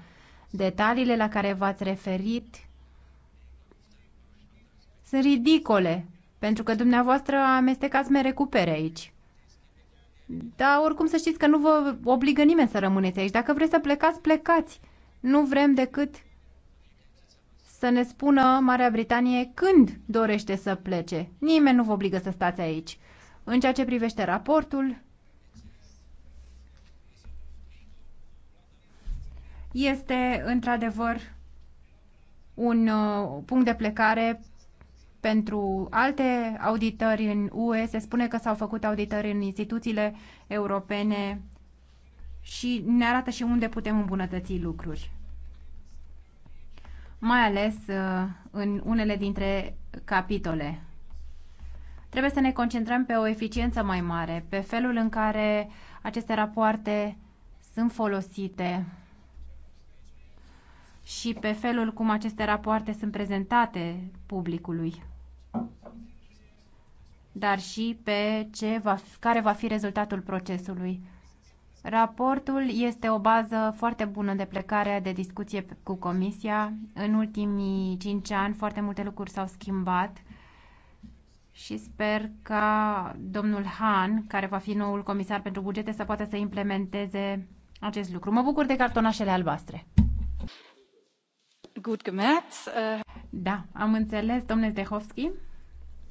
C: Detaliile la care v-ați referit sunt ridicole, pentru că dumneavoastră amestecați mere cu aici. Dar oricum să știți că nu vă obligă nimeni să rămâneți aici. Dacă vreți să plecați, plecați. Nu vrem decât să ne spună Marea Britanie când dorește să plece. Nimeni nu vă obligă să stați aici. În ceea ce privește raportul, este într-adevăr un uh, punct de plecare pentru alte auditări în UE se spune că s-au făcut auditări în instituțiile europene și ne arată și unde putem îmbunătăți lucruri. Mai ales uh, în unele dintre capitole. Trebuie să ne concentrăm pe o eficiență mai mare, pe felul în care aceste rapoarte sunt folosite și pe felul cum aceste rapoarte sunt prezentate publicului dar și pe ce va, care va fi rezultatul procesului. Raportul este o bază foarte bună de plecare de discuție cu Comisia. În ultimii cinci ani foarte multe lucruri s-au schimbat și sper ca domnul Han, care va fi noul comisar pentru bugete, să poată să implementeze acest lucru. Mă bucur de cartonașele albastre. Gut gemerkt. Da, am înțeles, domnule Tehovski.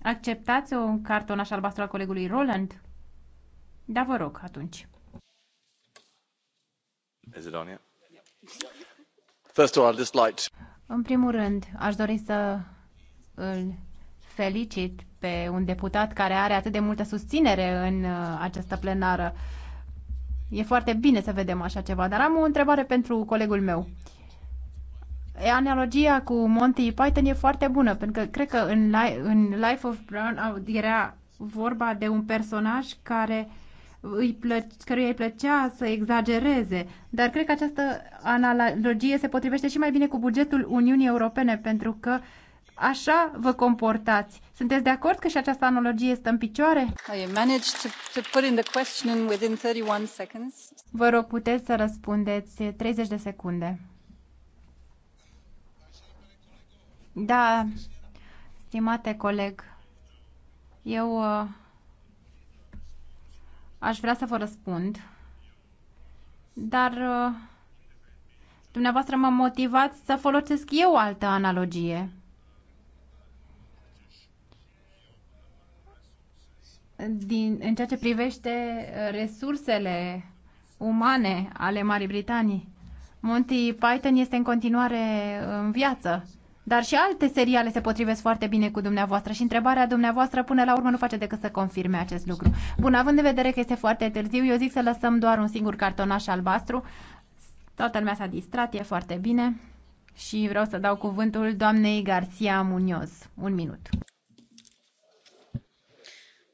C: Acceptați un cartonaș albastru al colegului Roland? Da, vă rog, atunci. Is it on yet?
D: First of all, I'd just like to...
C: În primul rând, aș dori să îl felicit pe un deputat care are atât de multă susținere în uh, această plenară. E foarte bine să vedem așa ceva, dar am o întrebare pentru colegul meu analogia cu Monty Python e foarte bună, pentru că cred că în, în Life of Brown era vorba de un personaj care îi plăce, căruia îi plăcea să exagereze. Dar cred că această analogie se potrivește și mai bine cu bugetul Uniunii Europene, pentru că așa vă comportați. Sunteți de acord că și această analogie este în picioare? Vă rog, puteți să răspundeți 30 de secunde. Da, stimate coleg, eu uh, aș vrea să vă răspund, dar uh, dumneavoastră m-a motivat să folosesc eu altă analogie. Din, în ceea ce privește uh, resursele umane ale Marii Britanii, Monty Python este în continuare în viață dar și alte seriale se potrivesc foarte bine cu dumneavoastră și întrebarea dumneavoastră până la urmă nu face decât să confirme acest lucru. Bun, având în vedere că este foarte târziu, eu zic să lăsăm doar un singur cartonaș albastru. Toată lumea s-a distrat, e foarte bine. Și vreau să dau cuvântul doamnei Garcia Munoz. Un minut.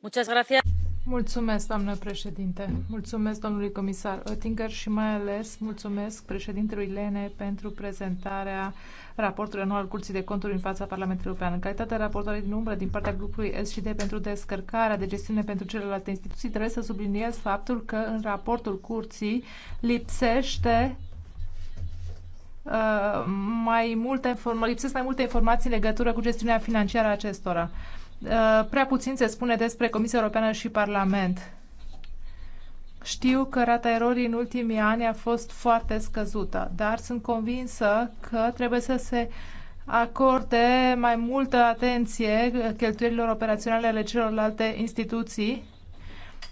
B: Muchas gracias. Mulțumesc, doamnă președinte. Mulțumesc domnului comisar Oettinger și mai ales mulțumesc președintelui Lene pentru prezentarea raportului anual al Curții de Conturi în fața Parlamentului European. În calitatea raportorului din umbră din partea grupului SD pentru descărcarea de gestiune pentru celelalte instituții, trebuie să subliniez faptul că în raportul Curții lipsește uh, mai multe, lipsesc mai multe informații în legătură cu gestiunea financiară a acestora. Eh, prea puțin se spune despre Comisia Europeană și Parlament. Știu că rata erorii în ultimii ani a fost foarte scăzută, dar sunt convinsă că trebuie să se acorde mai multă atenție cheltuielilor operaționale ale celorlalte instituții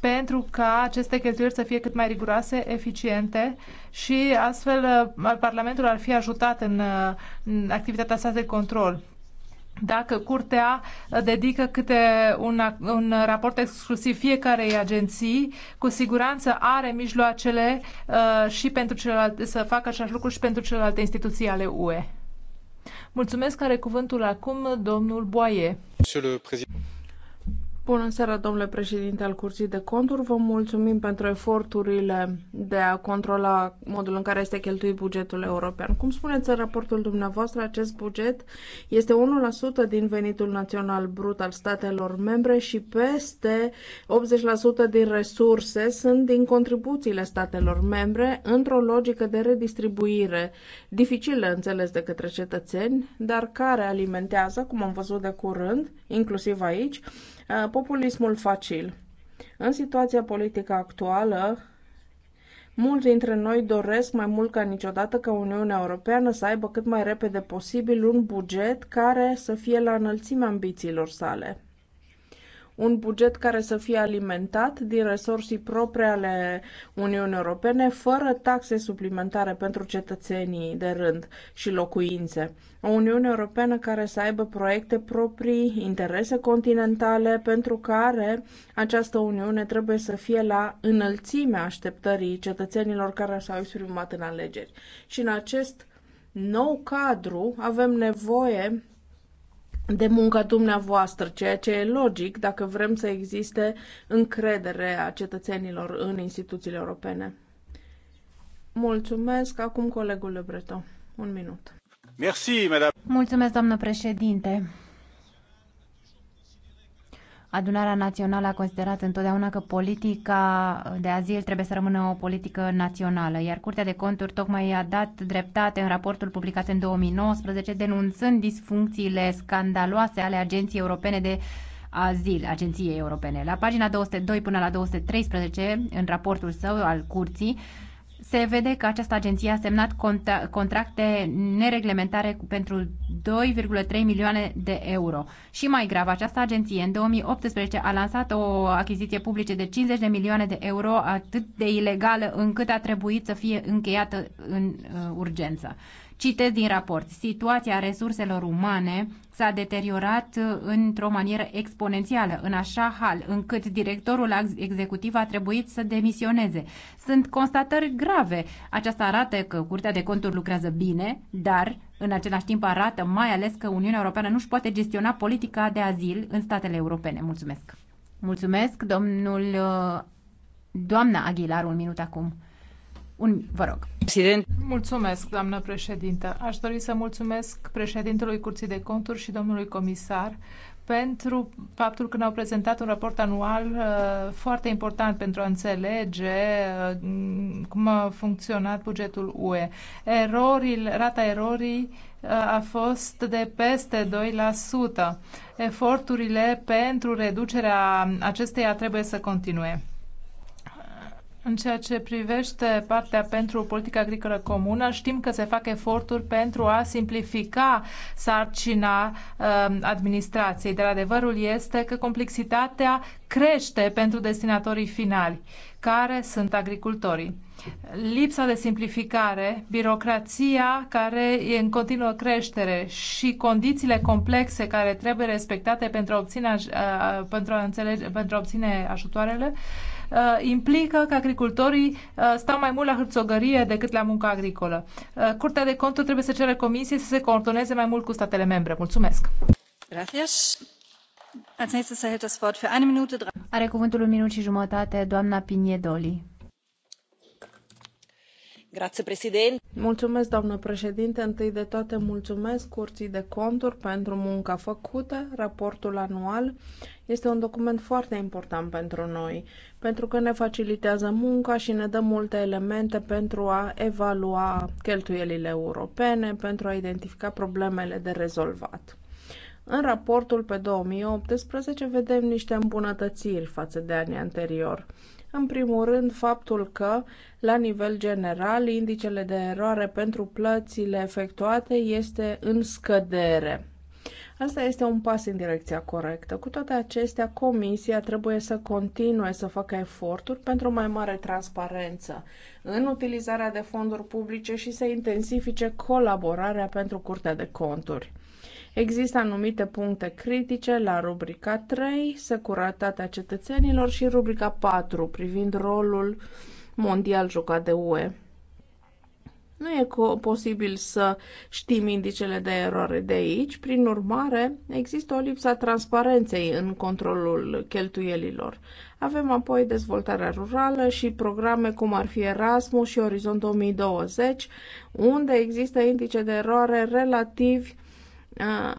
B: pentru ca aceste cheltuieli să fie cât mai riguroase, eficiente și astfel eh, Parlamentul ar fi ajutat în, eh, în activitatea sa de control dacă curtea dedică câte un, un raport exclusiv fiecarei agenții, cu siguranță are mijloacele uh, și pentru celelalte, să facă același lucru și pentru celelalte instituții ale UE. Mulțumesc, are cuvântul acum domnul Boaie. Bună seara, domnule președinte al Curții de Conturi. Vă mulțumim
A: pentru eforturile de a controla modul în care este cheltuit bugetul european. Cum spuneți în raportul dumneavoastră, acest buget este 1% din venitul național brut al statelor membre și peste 80% din resurse sunt din contribuțiile statelor membre într-o logică de redistribuire dificilă înțeles de către cetățeni, dar care alimentează, cum am văzut de curând, inclusiv aici, Uh, populismul facil. În situația politică actuală, Mulți dintre noi doresc mai mult ca niciodată ca Uniunea Europeană să aibă cât mai repede posibil un buget care să fie la înălțimea ambițiilor sale un buget care să fie alimentat din resursii proprii ale Uniunii Europene, fără taxe suplimentare pentru cetățenii de rând și locuințe. O Uniune Europeană care să aibă proiecte proprii, interese continentale, pentru care această Uniune trebuie să fie la înălțimea așteptării cetățenilor care s-au exprimat în alegeri. Și în acest nou cadru avem nevoie de munca dumneavoastră, ceea ce e logic dacă vrem să existe încredere a cetățenilor în instituțiile europene. Mulțumesc. Acum colegul Lebreto.
C: Un minut. Mulțumesc, doamnă președinte. Adunarea Națională a considerat întotdeauna că politica de azil trebuie să rămână o politică națională, iar Curtea de Conturi tocmai i-a dat dreptate în raportul publicat în 2019, denunțând disfuncțiile scandaloase ale Agenției Europene de Azil, Agenției Europene. La pagina 202 până la 213, în raportul său al Curții, se vede că această agenție a semnat contracte nereglementare pentru 2,3 milioane de euro. Și mai grav, această agenție în 2018 a lansat o achiziție publică de 50 de milioane de euro atât de ilegală încât a trebuit să fie încheiată în uh, urgență. Citez din raport. Situația resurselor umane s-a deteriorat uh, într-o manieră exponențială, în așa hal încât directorul executiv a trebuit să demisioneze. Sunt constatări grave. Aceasta arată că Curtea de Conturi lucrează bine, dar în același timp arată mai ales că Uniunea Europeană nu își poate gestiona politica de azil în statele europene. Mulțumesc! Mulțumesc, domnul... Uh, doamna Aguilar, un minut acum. Un, vă rog.
B: President. Mulțumesc, doamnă președintă. Aș dori să mulțumesc președintelui Curții de Conturi și domnului comisar pentru faptul că ne-au prezentat un raport anual uh, foarte important pentru a înțelege uh, cum a funcționat bugetul UE. Erorile, rata erorii uh, a fost de peste 2%. Eforturile pentru reducerea acesteia trebuie să continue. În ceea ce privește partea pentru politica agricolă comună, știm că se fac eforturi pentru a simplifica sarcina uh, administrației, dar adevărul este că complexitatea crește pentru destinatorii finali, care sunt agricultorii. Lipsa de simplificare, birocrația care e în continuă creștere și condițiile complexe care trebuie respectate pentru a obține, uh, pentru a înțelege, pentru a obține ajutoarele, uh, Uh, implică că agricultorii uh, stau mai mult la hârțogărie decât la muncă agricolă. Uh, Curtea de conturi
C: trebuie să cere comisie să se coordoneze mai mult cu statele membre. Mulțumesc! Gracias. Are cuvântul un minut și jumătate doamna Piniedoli doamnă președintă
A: întâi de toate mulțumesc curții de conturi pentru munca făcută. Raportul anual este un document foarte important pentru noi, pentru că ne facilitează munca și ne dă multe elemente pentru a evalua cheltuielile europene, pentru a identifica problemele de rezolvat. În raportul pe 2018 vedem niște îmbunătățiri față de anii anterior. În primul rând, faptul că, la nivel general, indicele de eroare pentru plățile efectuate este în scădere. Asta este un pas în direcția corectă. Cu toate acestea, Comisia trebuie să continue să facă eforturi pentru o mai mare transparență în utilizarea de fonduri publice și să intensifice colaborarea pentru Curtea de Conturi. Există anumite puncte critice la rubrica 3, securitatea cetățenilor și rubrica 4, privind rolul mondial jucat de UE. Nu e posibil să știm indicele de eroare de aici, prin urmare, există o lipsă a transparenței în controlul cheltuielilor. Avem apoi dezvoltarea rurală și programe cum ar fi Erasmus și Orizont 2020, unde există indice de eroare relativ uh, Uh,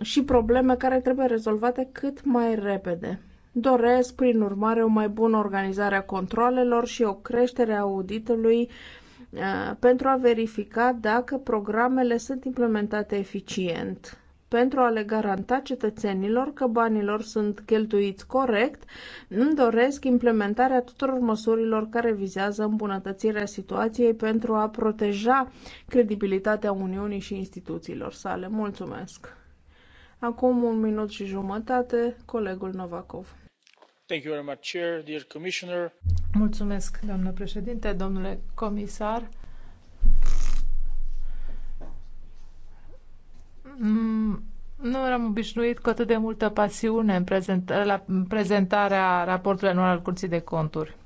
A: și probleme care trebuie rezolvate cât mai repede. Doresc, prin urmare, o mai bună organizare a controlelor și o creștere a auditului uh, pentru a verifica dacă programele sunt implementate eficient pentru a le garanta cetățenilor că banilor sunt cheltuiți corect, îmi doresc implementarea tuturor măsurilor care vizează îmbunătățirea situației pentru a proteja credibilitatea Uniunii și instituțiilor sale. Mulțumesc! Acum un minut și
B: jumătate, colegul Novakov.
D: Thank you very much, Chair, dear Commissioner.
B: Mulțumesc, doamnă președinte, domnule comisar. Nu eram obișnuit cu atât de multă pasiune în prezent, la prezentarea raportului anual al Curții de Conturi.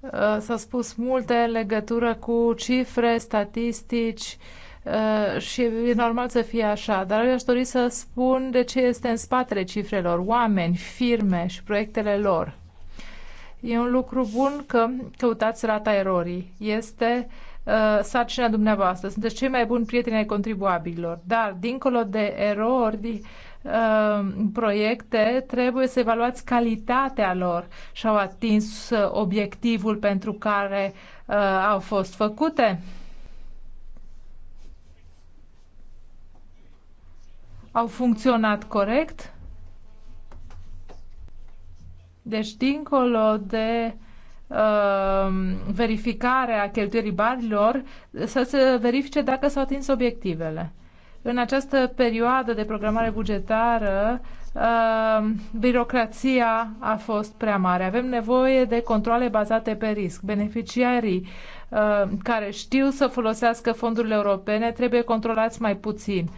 B: Uh, S-a spus multe în legătură cu cifre, statistici uh, și e normal să fie așa, dar eu aș dori să spun de ce este în spatele cifrelor, oameni, firme și proiectele lor. E un lucru bun că căutați rata erorii. Este uh, Uh, sarcina dumneavoastră. Sunteți cei mai buni prieteni ai contribuabililor. Dar, dincolo de erori, de, uh, proiecte, trebuie să evaluați calitatea lor și au atins uh, obiectivul pentru care uh, au fost făcute. Au funcționat corect? Deci, dincolo de Uh, verificarea cheltuierii banilor să se verifice dacă s-au atins obiectivele. În această perioadă de programare bugetară, uh, birocrația a fost prea mare. Avem nevoie de controle bazate pe risc. Beneficiarii uh, care știu să folosească fondurile europene trebuie controlați mai puțin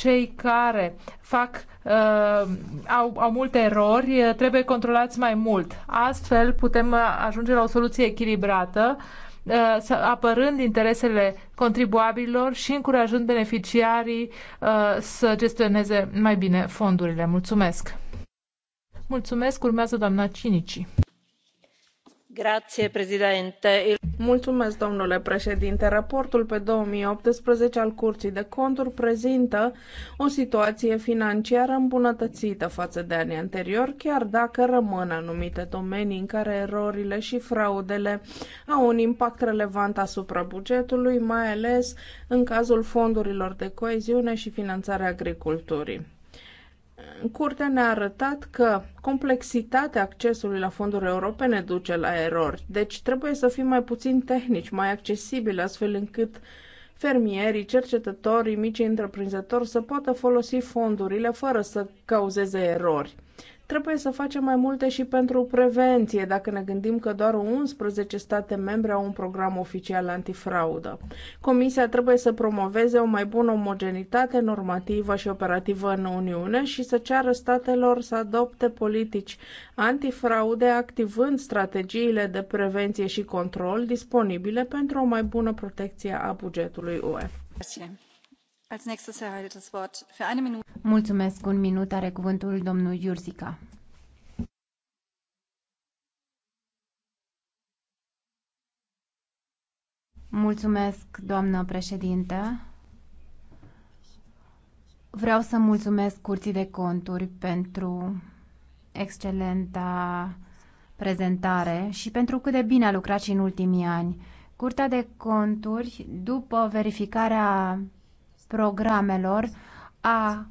B: cei care fac, uh, au, au multe erori uh, trebuie controlați mai mult. Astfel putem uh, ajunge la o soluție echilibrată uh, apărând interesele contribuabililor și încurajând beneficiarii să gestioneze mai bine fondurile. Mulțumesc! Mulțumesc! Urmează doamna Cinici.
A: Mulțumesc, domnule președinte. Raportul pe optsprezece al Curții de Conturi prezintă o situație financiară îmbunătățită față de anii anteriori, chiar dacă rămân anumite domenii în care erorile și fraudele au un impact relevant asupra bugetului, mai ales în cazul fondurilor de coeziune și finanțarea agriculturii. Curtea ne-a arătat că complexitatea accesului la fonduri europene duce la erori, deci trebuie să fim mai puțin tehnici, mai accesibili, astfel încât fermierii, cercetătorii, micii întreprinzători să poată folosi fondurile fără să cauzeze erori. Trebuie să facem mai multe și pentru prevenție, dacă ne gândim că doar 11 state membre au un program oficial antifraudă. Comisia trebuie să promoveze o mai bună omogenitate normativă și operativă în Uniune și să ceară statelor să adopte politici antifraude activând strategiile de prevenție și control disponibile pentru o mai bună protecție a bugetului UE.
D: Mulțumesc.
C: Mulțumesc. Un minut are cuvântul domnul Jurzica. Mulțumesc, doamnă președintă. Vreau să mulțumesc Curții de Conturi pentru excelenta prezentare și pentru cât de bine a lucrat și în ultimii ani. Curtea de Conturi, după verificarea programelor a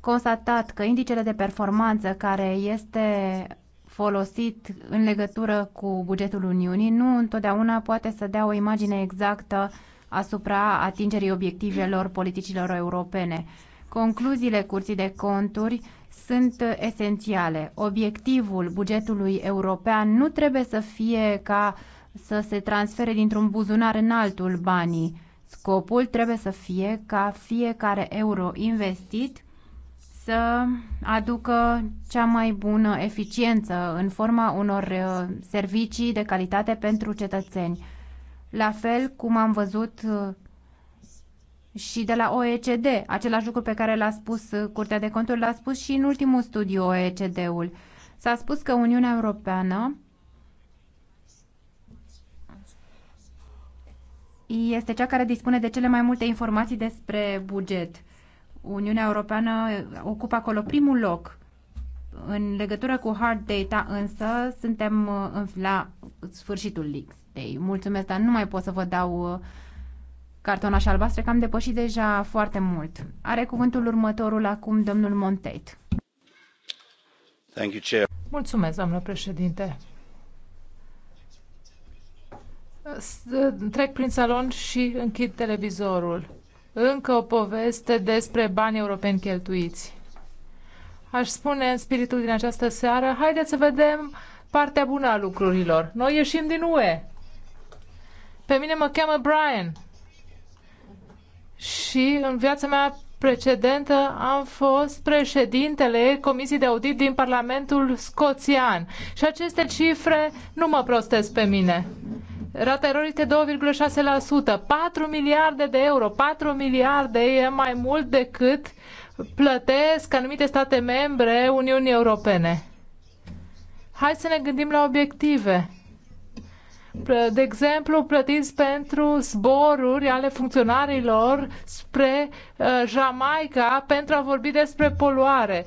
C: constatat că indicele de performanță care este folosit în legătură cu bugetul Uniunii nu întotdeauna poate să dea o imagine exactă asupra atingerii obiectivelor politicilor europene. Concluziile Curții de Conturi sunt esențiale. Obiectivul bugetului european nu trebuie să fie ca să se transfere dintr-un buzunar în altul banii. Scopul trebuie să fie ca fiecare euro investit să aducă cea mai bună eficiență în forma unor uh, servicii de calitate pentru cetățeni. La fel cum am văzut uh, și de la OECD, același lucru pe care l-a spus uh, Curtea de Conturi, l-a spus și în ultimul studiu OECD-ul. S-a spus că Uniunea Europeană este cea care dispune de cele mai multe informații despre buget. Uniunea Europeană ocupă acolo primul loc. În legătură cu hard data însă, suntem uh, la sfârșitul listei. Mulțumesc, dar nu mai pot să vă dau uh, cartonaș albastră, că am depășit deja foarte mult. Are cuvântul următorul acum domnul Monteit. Thank you, Chair. Mulțumesc, doamnă președinte
B: trec prin salon și închid televizorul. Încă o poveste despre bani europeni cheltuiți. Aș spune în spiritul din această seară, haideți să vedem partea bună a lucrurilor. Noi ieșim din UE. Pe mine mă cheamă Brian. Și în viața mea precedentă am fost președintele Comisiei de Audit din Parlamentul Scoțian. Și aceste cifre nu mă prostesc pe mine. Rata erorii este 2,6%. 4 miliarde de euro. 4 miliarde e mai mult decât plătesc anumite state membre Uniunii Europene. Hai să ne gândim la obiective. De exemplu, plătiți pentru zboruri ale funcționarilor spre uh, Jamaica pentru a vorbi despre poluare